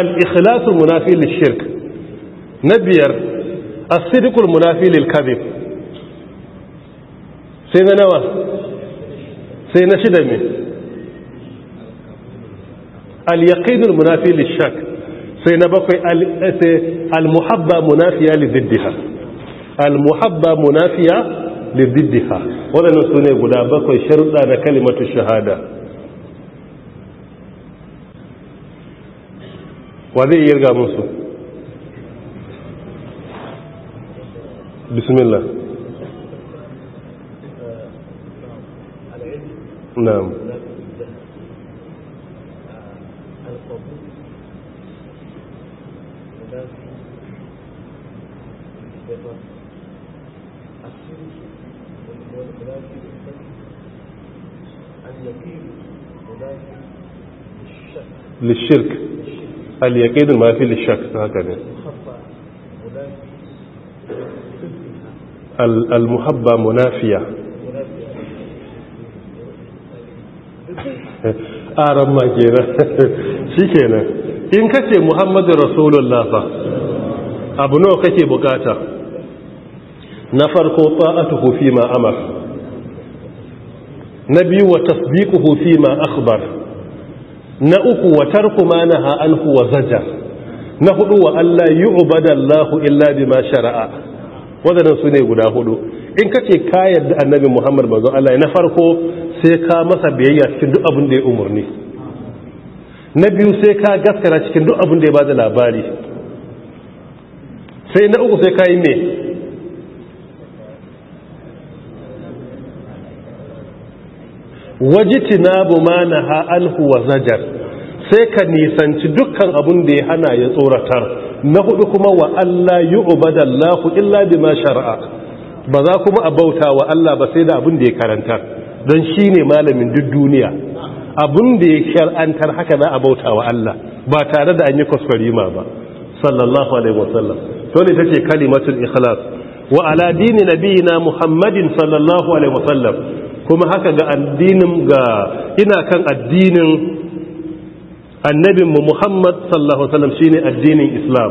al'ikhlasul munafilil shirk na biyar asidikul munafilil kabib sai na nawa sai na shida mai al yaqidul munafi lishak sai na bakwai eh, al-muhabba munafiya lididdiha al-muhabba munafiya lididdiha wadannan su ne guda bakwai sharuɗa da kalimatu shahada wa zai yi yarga musu bismillah نعم للشرك اليقين ما في للشك هكذا المحبة منافية aran ma kenan shikenan in kace muhammadu rasulullah fa abu nawa kake bukata na farko ta'atuhu fi ma amar na biyu wa tasdiquhu fi ma akhbar na uku wa tarku ma naha wa zaja, na hudu wa Allah yu'bada Allah illa bima shara'a wadannan sune guda hudu in kace ka yarda annabi Muhammad manzo na farko sai ka masa biyayya cikin duk abin da ya umarni na biyu sai ka gaskara cikin duk abin da ya bada labari sai na uku sai ka yi me wajiti na ma na ha'an huwa zajar sai ka nisanci dukkan abin da ya hana ya tsoratar na hudu kuma wa Allah yi lafi illa bi ma shara'a ba za kuma a bauta wa Allah ba sai da abin da ya karanta don shi ne malamin duk duniya abin da ya shar'antar haka na a wa Allah ba tare da an yi kwaskwarima ba sallallahu alaihi wasallam to ne ta ce kalimatul ikhlas wa ala dini nabiyina muhammadin sallallahu alaihi wasallam kuma haka ga addinin ga ina kan addinin annabinmu muhammad sallallahu alaihi wasallam shine addinin islam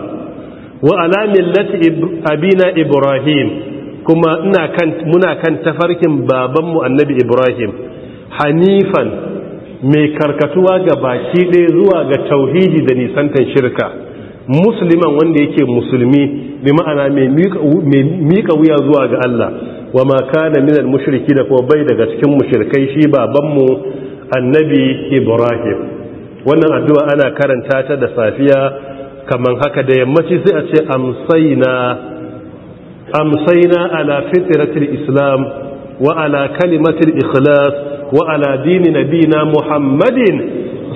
wa ala millati abina ibrahim kuma ina muna kan tafarkin babanmu annabi ibrahim hanifan mai karkatuwa ga baki ɗaya zuwa ga tauhidi da nisantan shirka musliman wanda yake musulmi bi ma'ana mai miƙa wuya zuwa ga Allah wa ma kana minal mushriki da kuma bai daga cikin mushrikai shi babanmu annabi ibrahim wannan addu'a ana karanta ta da safiya kaman haka da yammaci sai a ce amsai na. amsaina ala fitratil islam wa kalimatil ikhlas wa dini nabina muhammadin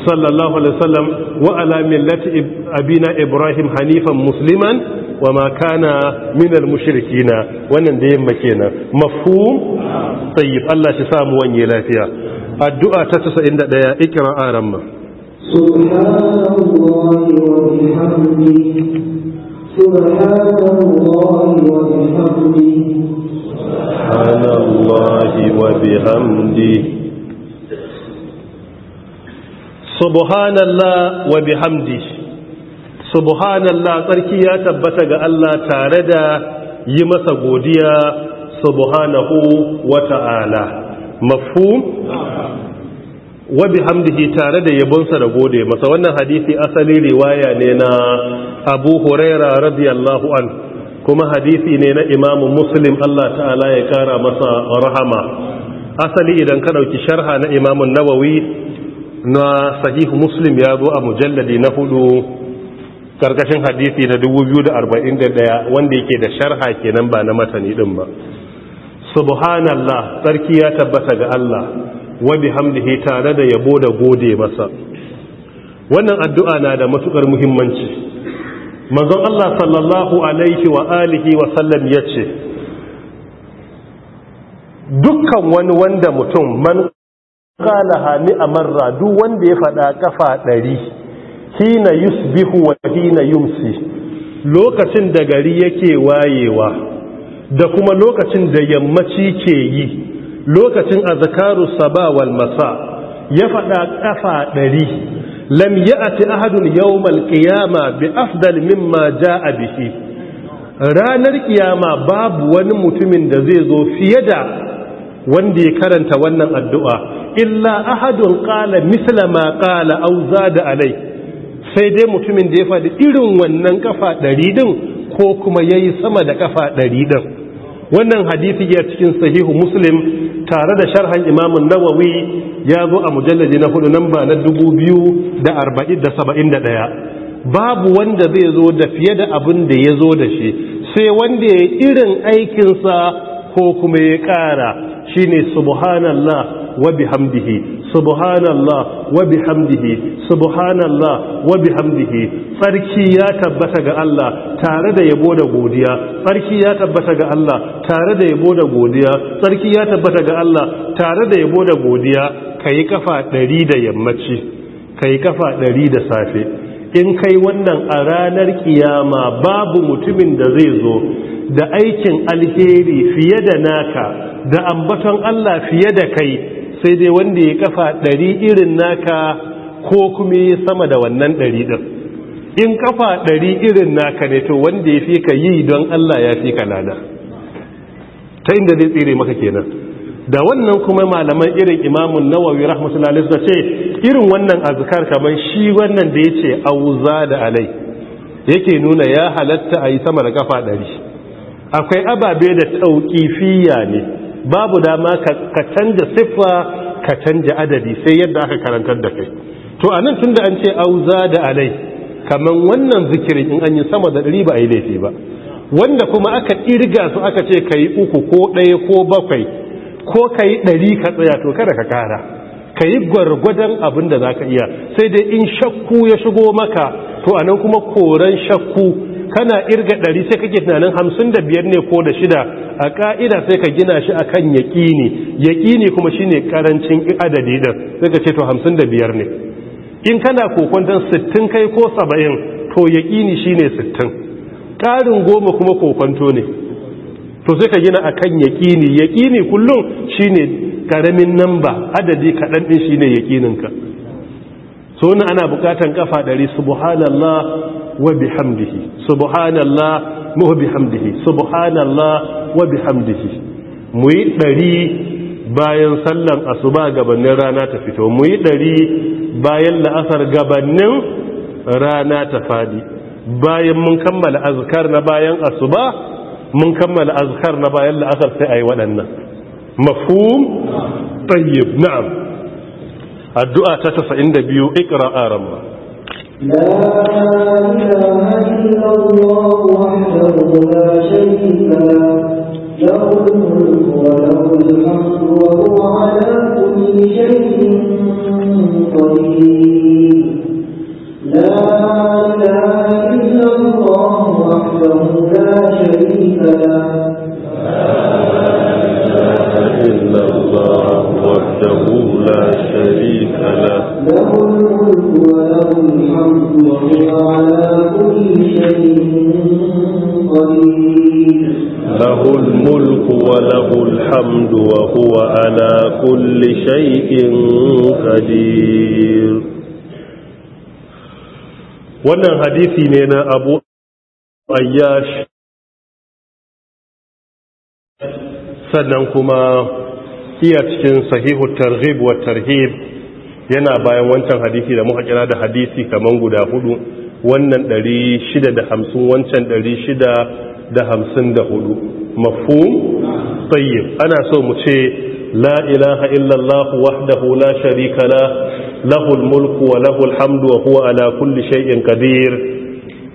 sallallahu alaihi wasallam wa ala millati abina ibrahim hanifan musliman wa makana kana minal mushrikina wannan da yamma kenan mafhum tayyib Allah shi samu wanye lafiya addu'a ta 91 ikra'a ramma subhanallahi wa bihamdihi سبحان الله وبحمده سبحان الله وبحمده سبحان الله وبحمده سبحان الله tsarki ya tabbata ga Allah tare da yi masa godiya subhanahu wa ta'ala mafhum wa bihamdihi tare da yabonsa da gode masa wannan hadisi asali riwaya ne na Abu Huraira radiyallahu an kuma hadisi ne na Imam Muslim Allah ta'ala ya kara masa rahama asali idan ka ɗauki sharha na Imam Nawawi na Sahih Muslim ya zo a mujalladi na hudu karkashin hadisi na 2041 wanda yake da sharha kenan ba na matani din ba subhanallah sarki ya tabbata ga Allah wa bihamdihi tare da yabo da gode masa wannan addu'a na da matukar muhimmanci manzon Allah sallallahu alaihi wa alihi wa sallam yace dukkan wani wanda mutum man qala a amarra duk wanda ya fada kafa ɗari hina yusbihu wa hina yumsi lokacin da gari yake wayewa da kuma lokacin da yammaci ke yi lokacin azkaru saba wal masa ya faɗa ƙafa ɗari lam ya'ti ahadun yawmal qiyama bi afdal mimma a bihi ranar kiyama babu wani mutumin da zai zo fiye da wanda ya karanta wannan addu'a illa ahadun ƙala misla ma qala aw zada alai sai dai mutumin da ya faɗi irin wannan ƙafa ɗari din ko kuma yayi sama da ƙafa ɗari din wannan hadisi ya cikin sahihu muslim tare da sharhan imamun nawawi ya zo a mujallaji na hudu nan ba na ɗaya, babu wanda zai zo da fiye da abin da ya zo da shi sai wanda ya irin aikinsa ko kuma ya ƙara shi ne subhanallah wa bihamdihi subhanallah wa bihamdihi subhanallah wa bihamdihi tsarki ya tabbata ga Allah tare da yabo da godiya tsarki ya tabbata ga Allah tare da yabo da godiya tsarki ya tabbata ga Allah tare da yabo da godiya kayi kafa 100 da yammaci kayi kafa 100 da safe in kai wannan a ranar kiyama babu mutumin da zai zo da aikin alheri fiye da naka da ambaton Allah fiye da kai sai dai wanda ya kafa ɗari irin naka ko kuma ya sama da wannan ɗari ɗin in kafa ɗari irin naka ne to wanda ya fi ka yi don Allah ya fi ka lada ta inda zai tsere maka kenan da wannan kuma malaman irin imamun nawawi rahmatullahi da ce irin wannan azkar kamar shi wannan da yace auza da alai yake nuna ya halatta a yi sama da kafa ɗari. akwai ababe da fiya ne babu dama ka canja siffa ka canja adadi sai yadda aka karantar da kai to a nan tun da an ce auza da alai kamar wannan zikirin in an yi sama da ɗari ba a yi laifi ba wanda kuma aka ƙirga su aka ce ka yi uku ko ɗaya ko bakwai ko ka yi ɗari ka tsaya to kada ka kara ka yi gwargwadon abin da za ka iya sai dai in shakku ya shigo maka to anan kuma koren shakku kana irga ɗari sai kake tunanin hamsin da biyar ne ko da shida a ƙa'ida sai ka gina shi a kan yaƙini yaƙini kuma shi ne ƙarancin adadi ɗin sai ka ce to hamsin da biyar ne in kana kokwanton sittin kai ko saba'in to yaƙini shi ne sittin ƙarin goma kuma kokwanto ne to sai ka gina kan yaƙini yaƙini kullum shine ƙaramin namba adadi kaɗan ɗin shine yaƙininka so na ana buƙatan ƙafa ɗari subhanallah wa bihamdihi subhanallah wa bihamdihi subhanallah wa bihamdihi mu yi ɗari bayan sallan asuba gabanin rana ta fito mu yi ɗari bayan la'asar gabanin rana ta fadi bayan mun kammala azkar na bayan asuba من كمل أذكرنا بقى يلا أي سأي ولنا مفهوم طيب نعم الدعاء تتسع عند بيو اقرأ آرم لا إله إلا الله وحده لا شريك له الملك وله الحمد وهو على كل شيء قدير لا إله وحده لا شريك له إلا الله وحده لا شريك له له الملك وله الحمد وهو على كل شيء قدير له الملك وله الحمد وهو على كل شيء قدير wannan hadisi ne na ayyash sannan kuma iya cikin sahihu targhib wa tarhib yana bayan wancan hadisi da muka kira da hadisi kaman guda hudu wannan 650 wancan 654 mafhum tayyib ana so mu ce la illallah wahdahu la sharika لا شريك له wa الملك وله wa huwa ala kulli shay'in qadir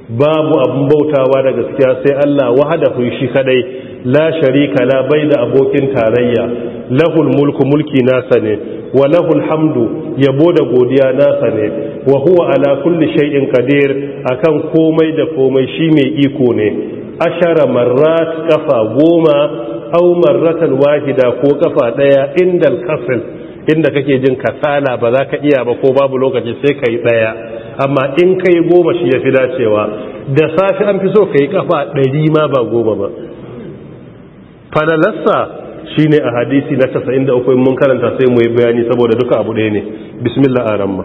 babu abin bautawa da gaskiya sai Allah hu shi kadai la sharika la bai da abokin tarayya lahul mulku mulki nasa ne wa lahul hamdu yabo da godiya nasa ne wa huwa ala kulli shay'in qadir akan komai da komai shi mai iko ne ashara marrat kafa goma aw marratan wahida ko kafa daya indal kasl inda kake jin kasala ba za ka iya ba ko babu lokaci sai ka yi ɗaya amma in ka yi goma shi ya fi dacewa da safi an fi so ka yi kafa ɗari ma ba goma ba fanalassa shi ne a hadisi na 93 mun karanta sai mu yi bayani saboda duka abu ɗaya ne bismillah a ramma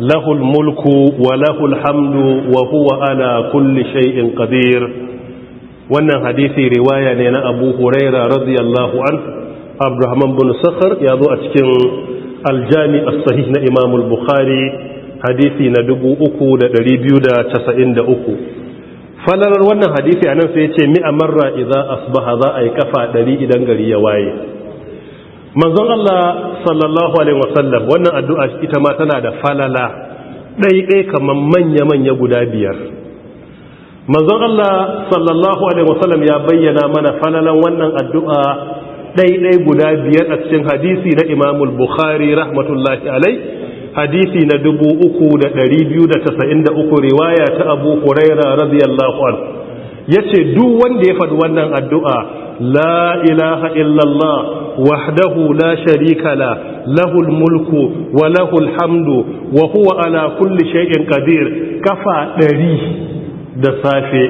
له الملك وله الحمد وهو على كل شيء قدير wannan hadisi riwaya ne na Abu Huraira radiyallahu an Abdurrahman bin Sakhar ya zo a cikin al as-Sahih na Imam al-Bukhari hadisi na 3293 falalar wannan hadisi anan sai ya ce mi amarra idza asbaha za ay kafa 100 idan gari ya waye manzon Allah sallallahu alaihi wasallam wannan addu'a ita ma tana da falala ɗaiɗai kaman manya-manya guda biyar manzon Allah sallallahu alaihi wasallam ya bayyana mana falalan wannan addu'a ɗaiɗai guda biyar a cikin hadisi na imamul bukhari rahmatullahi alaihi hadisi na 3,293 riwaya ta abu Hurairah radiyallahu an ya duk wanda ya faɗi wannan addu'a لا إله إلا الله وحده لا شريك له له الملك وله الحمد وهو على كل شيء قدير كفى دري دسافي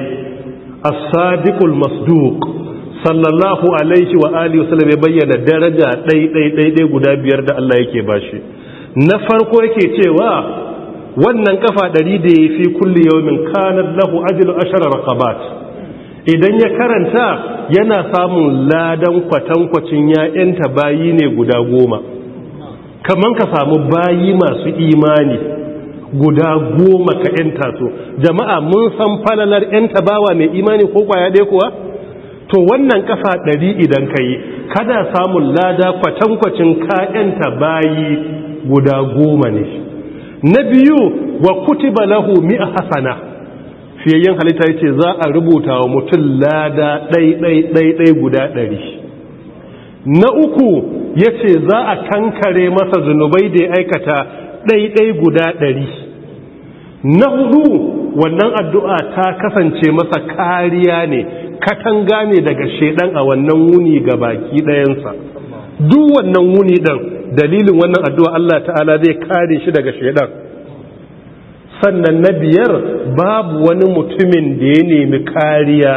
الصادق المصدوق sallallahu alaihi wa alihi ya bayyana daraja ɗaiɗaiɗai ɗai guda biyar da Allah yake bashi na farko yake cewa wannan kafa ɗari da ya fi kulli yawmin kanar lahu ajilu ashara qabat idan ya karanta yana samun ladan kwatankwacin ‘ya'yanta bayi ne guda goma kamar ka samu bayi masu imani guda goma ka ‘yanta su jama'a mun san falalar ‘yanta bawa mai imani ko kwaya ɗaya kuwa to wannan ƙasa ɗari idan ka yi kada samun lada kwatankwacin ka ‘yanta bayi guda goma ne na biyu wa kutuba lahu mi'a hasana fiyayyen halitta ya ce za a rubuta wa mutum lada ɗai-ɗai-ɗai guda ɗari na uku ya ce za a tankare masa zunubai da ya aikata ɗai-ɗai guda ɗari na hudu wannan addu'a ta kasance masa kariya ne katanga ne daga shaidan a wannan wuni ga baki ɗayansa duk wannan wuni ɗan dalilin wannan addu'a Allah ta'ala zai kare shi daga shaidan sannan na biyar babu wani mutumin da ya nemi kariya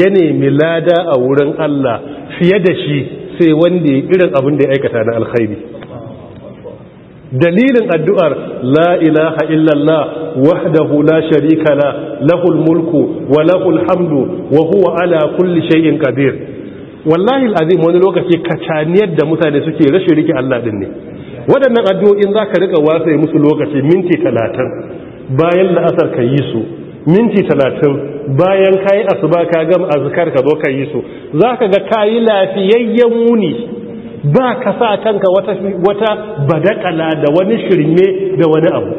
ya nemi lada a wurin Allah fiye da shi sai wanda ya irin abin da ya aikata na alkhairi dalilin addu'ar la ilaha illallah wahdahu la sharika la lahul mulku wa lahul hamdu wa huwa ala kulli shay'in qadir wallahi alazim wani lokaci kacaniyar da mutane suke rashin rike Allah din ne waɗannan addu'o'in zaka rika wasa musu lokaci minti talatin. bayan la'asar ka yi su minti talatin bayan ka yi asuba ka gama azkar ka zo ka yi su za ka ga ka yi lafiyayyen wuni ba ka sa kanka wata badakala da wani shirme da wani abu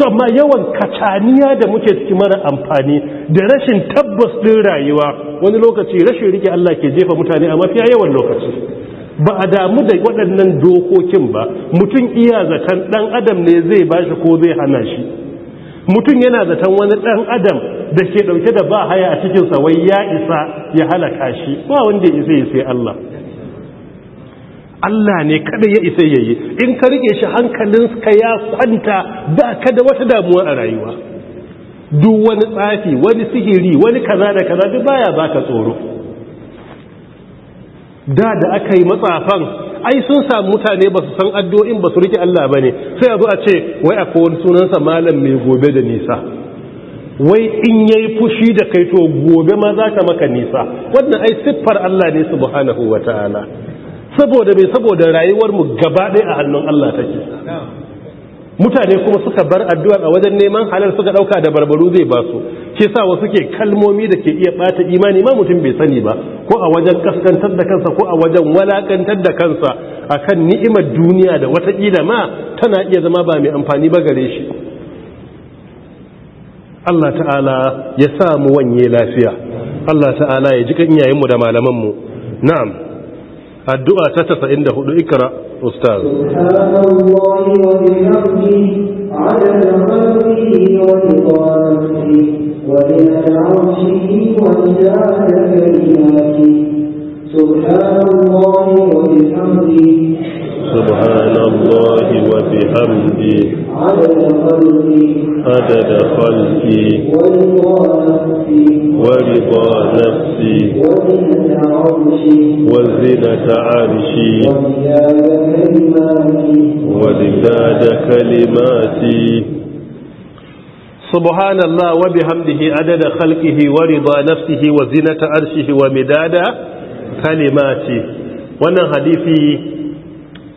to ma yawan kataniya da muke ciki mara amfani da rashin tabbas din rayuwa wani lokaci rashin rike Allah ke jefa mutane a mafiya yawan lokaci ba a damu da waɗannan dokokin ba mutum iya zaton ɗan adam ne zai bashi ko zai hana shi mutum yana zaton wani ɗan adam da ke ɗauke da ba haya a cikinsa wai ya isa ya halaka shi ba wanda ya isa ya sai Allah Allah ne kada ya isa yayi in ka rike shi hankalinka ya kwanta ba ka da wata damuwa a rayuwa duk wani tsafi wani sihiri wani kaza da kaza duk baya baka tsoro da da aka yi matsafan ai sun samu mutane ba su san addu'o'in ba su rike Allah ba ne sai a zo a ce wai akwai wani sunansa malam mai gobe da nisa wai in yayi fushi da kai to gobe ma za ka maka nisa wannan ai siffar Allah ne subhanahu wa ta'ala saboda mai saboda rayuwarmu gaba ɗaya a hannun Allah take mutane kuma suka bar addu'ar a wajen neman halar suka ɗauka da barbaru zai ba su ke sa wasu ke kalmomi da ke iya bata imani ma mutum bai sani ba ko a wajen kaskantar da kansa ko a wajen walakantar da kansa a kan ni'imar duniya da watakila ma tana iya zama ba mai amfani ba gare shi Allah ta'ala ya sa mu wanye lafiya Allah ta'ala ya ji kan iyayenmu da malamanmu na'am addu'a ta 94 ikra أستاذ سبحان الله وبحمده على خلقه ورضا نفسه وزن عرشه ومداد كلماته سبحان الله وبحمده سبحان الله وبحمدي عدد خلقي ورضا نفسي وزنة عرشي ومداد كلماتي سبحان الله وبحمده عدد خلقه ورضا نفسه وزنة عرشه ومداد كلماتي وانا حديثي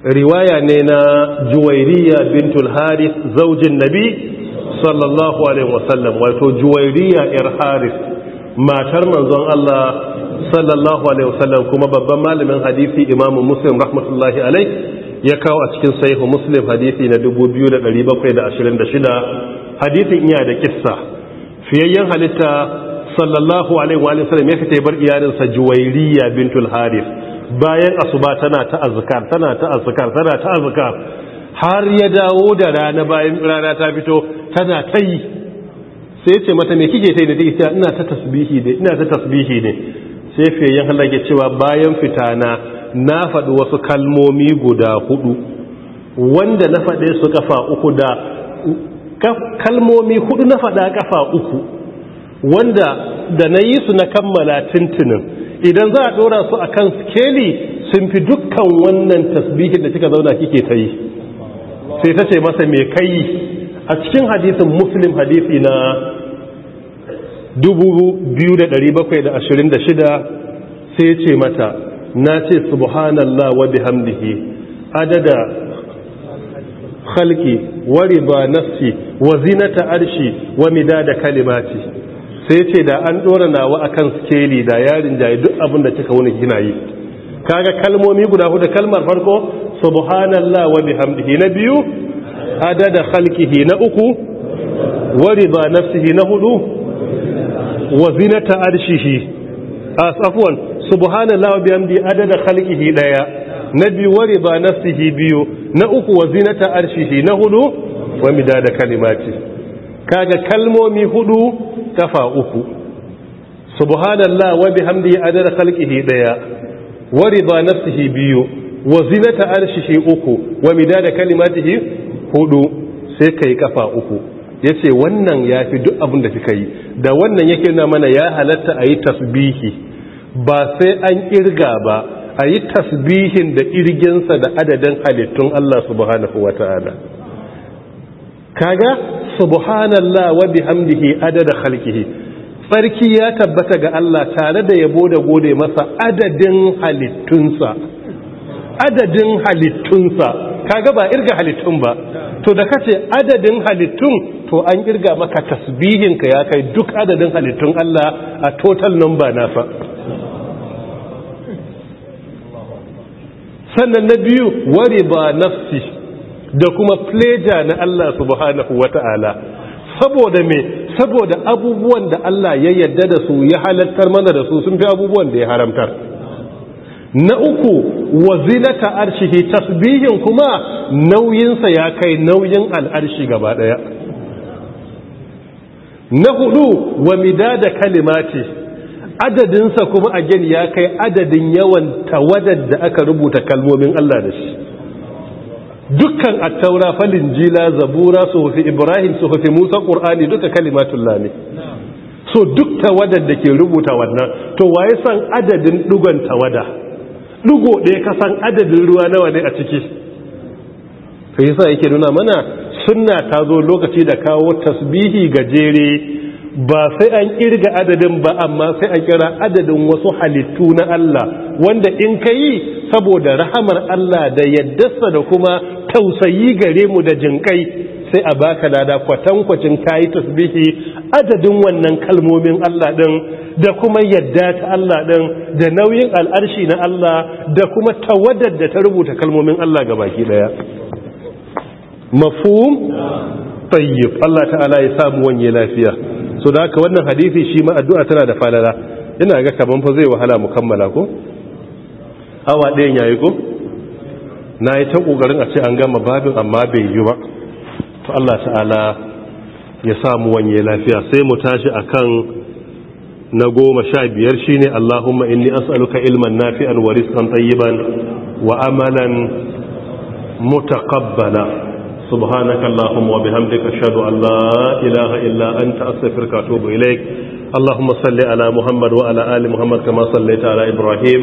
riwaya ne na juwairiya bintul haris zaujin nabi sallallahu alaihi wasallam wato juwairiya yar haris matar manzon Allah sallallahu alaihi wasallam kuma babban malamin hadisi imamu muslim rahmatullahi alai ya kawo a cikin sahihu muslim hadisi na 2726 hadisin iya da kissa fiyayyen halitta sallallahu alaihi wasallam ya fita bar iyalinsa juwairiya bintul haris bayan asuba tana ta azkar tana ta azkar tana ta azkar har ya dawo da rana bayan rana ta fito tana ta yi sai ce mata me kike ta yi da ita? ina ta tasbihi ne ina ta tasbihi ne sai yan Allah ke cewa bayan fitana na faɗi wasu kalmomi guda hudu wanda na faɗe su kafa uku da kalmomi hudu na faɗa kafa uku wanda da na yi su na kammala tintinin idan za a dora su a kan skeli sun fi dukkan wannan tasbihin da kika zauna kike ta yi sai ta ce masa mai kai a cikin hadisin muslim hadisi na 2726 sai ce mata na ce subhanallah wa bihamdihi adada halki, wa riba nafsi wa zinata arshi wa midada kalimati sai ce da an dora nawa kan skeli da yarin jayi duk abinda da kika wani gina yi kaga kalmomi guda hudu kalmar farko subhanallah wa bihamdihi na biyu adada khalqihi na uku wa rida nafsihi na hudu wa zinata arshihi ah, afwan subhanallah wa bihamdihi adada khalqihi daya na biyu wa rida nafsihi biyu na uku wa zinata arshihi na hudu wa midada kalimati kaga kalmomi hudu kafa uku subhanallah wa bihamdihi adada khalqihi daya wa rida nafsihi biyu wa zinata arshihi uku wa midada kalimatihi hudu sai kai kafa uku yace wannan yafi duk abin da kika yi da wannan yake nuna mana ya halatta ayi tasbihi ba sai an kirga ba ayi tasbihin da irgensa da adadin halittun Allah subhanahu wataala kaga subhanallah wa bihamdihi adada khalqihi sarki ya tabbata ga Allah tare da yabo da gode masa adadin halittunsa adadin halittunsa kaga ba irga halittun ba to da kace adadin halittun to an irga maka tasbihin ka ya kai duk adadin halittun Allah a total number nasa sannan na biyu wari ba nafsi da kuma pleja na Allah subhanahu wata'ala saboda me saboda abubuwan da Allah ya yadda da su ya halattar mana da su sun fi abubuwan da ya haramtar na uku wazinata arshihi tasbihin kuma nauyinsa ya kai nauyin al'arshi gaba daya na hudu wa midada kalimati adadinsa kuma a gani ya kai adadin yawan tawadar da aka rubuta kalmomin Allah da shi dukkan attaura falin jila zabura hufi ibrahim suhufi musa qur'ani duka kalimatun lami so duk tawadar da ke rubuta wannan to waye san adadin dugon tawada dugo ɗaya ka san adadin ruwa nawa ne a ciki to yasa yake nuna mana suna ta zo lokaci da kawo tasbihi gajere ba sai an kirga adadin ba amma sai a kira adadin wasu halittu na Allah wanda in ka yi saboda rahamar Allah da yaddarsa da kuma tausayi gare mu da jinkai sai a baka lada kwatankwacin kayi tasbihi adadin wannan kalmomin Allah din da kuma yadda ta Allah din da nauyin al'arshi na Allah da kuma tawaddar da ta rubuta kalmomin Allah ga baki daya mafhum tayyib Allah ta'ala ya samu wani lafiya so da haka wannan hadisi shi ma addu'a tana da falala ina ga kaman fa zai wahala mu kammala ko awa ɗayan yayi ko na yi ta ƙoƙarin a ce an gama babin amma bai yi ba to Allah ta'ala ya samu wanye lafiya sai mu tashi a kan na goma sha biyar shi ne Allahumma inni as'aluka ilman nafi'an wa rizqan tayyiban wa amalan mutaqabbala سبحانك اللهم وبحمدك أشهد أن لا إله إلا أنت أستغفرك وأتوب إليك اللهم صل على محمد وعلى آل محمد كما صليت على إبراهيم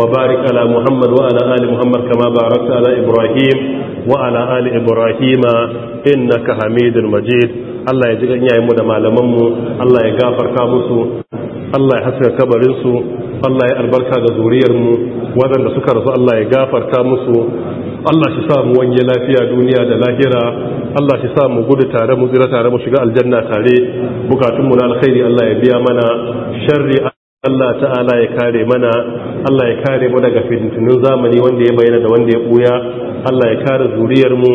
وبارك على محمد وعلى آل محمد كما باركت على إبراهيم وعلى آل إبراهيم إنك حميد مجيد الله يجزيك يا مدى معلمنا الله يغفر كابوسو الله يحسن كبرنسو Allah ya albarka ga zuriyarmu waɗanda suka rasu Allah ya gafarta musu Allah shi sa wanye lafiya duniya da lahira Allah shi sa mu gudu tare mu zira tare mu shiga aljanna tare bukatunmu na alkhairi Allah ya biya mana sharri Allah ta'ala ya kare mana Allah ya kare mu daga fitintunin zamani wanda ya bayyana da wanda ya buya Allah ya kare zuriyar mu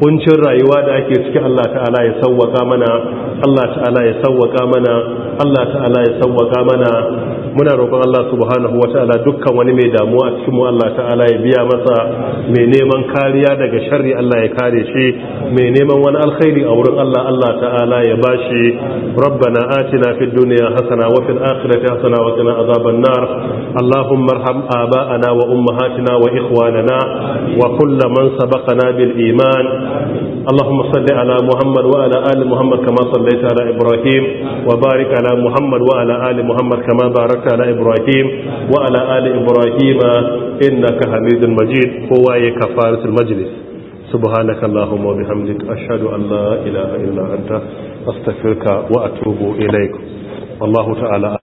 kuncin rayuwa da ake ciki Allah ta'ala ya sawwaka mana Allah ta'ala ya sawwaka mana Allah ta'ala ya sauwaka mana muna roƙon Allah subhanahu wata'ala dukkan wani mai damuwa a cikin mu Allah ta'ala ya biya masa mai neman kariya daga sharri Allah ya kare shi mai neman wani alkhairi a wurin Allah Allah ta'ala ya bashi rabbana atina fid dunya hasana wa fil akhirati hasana wa qina azaban nar allahumma arham aba'ana wa ummahatina wa ikhwanana wa kull man sabaqana bil iman allahumma salli ala muhammad wa ala ali muhammad kama sallaita ala ibrahim wa barik ala على محمد وعلى آل محمد كما باركت على إبراهيم وعلى آل إبراهيم إنك حميد مجيد هو كفارة المجلس سبحانك اللهم وبحمدك أشهد أن لا إله إلا أنت أستغفرك وأتوب إليك والله تعالى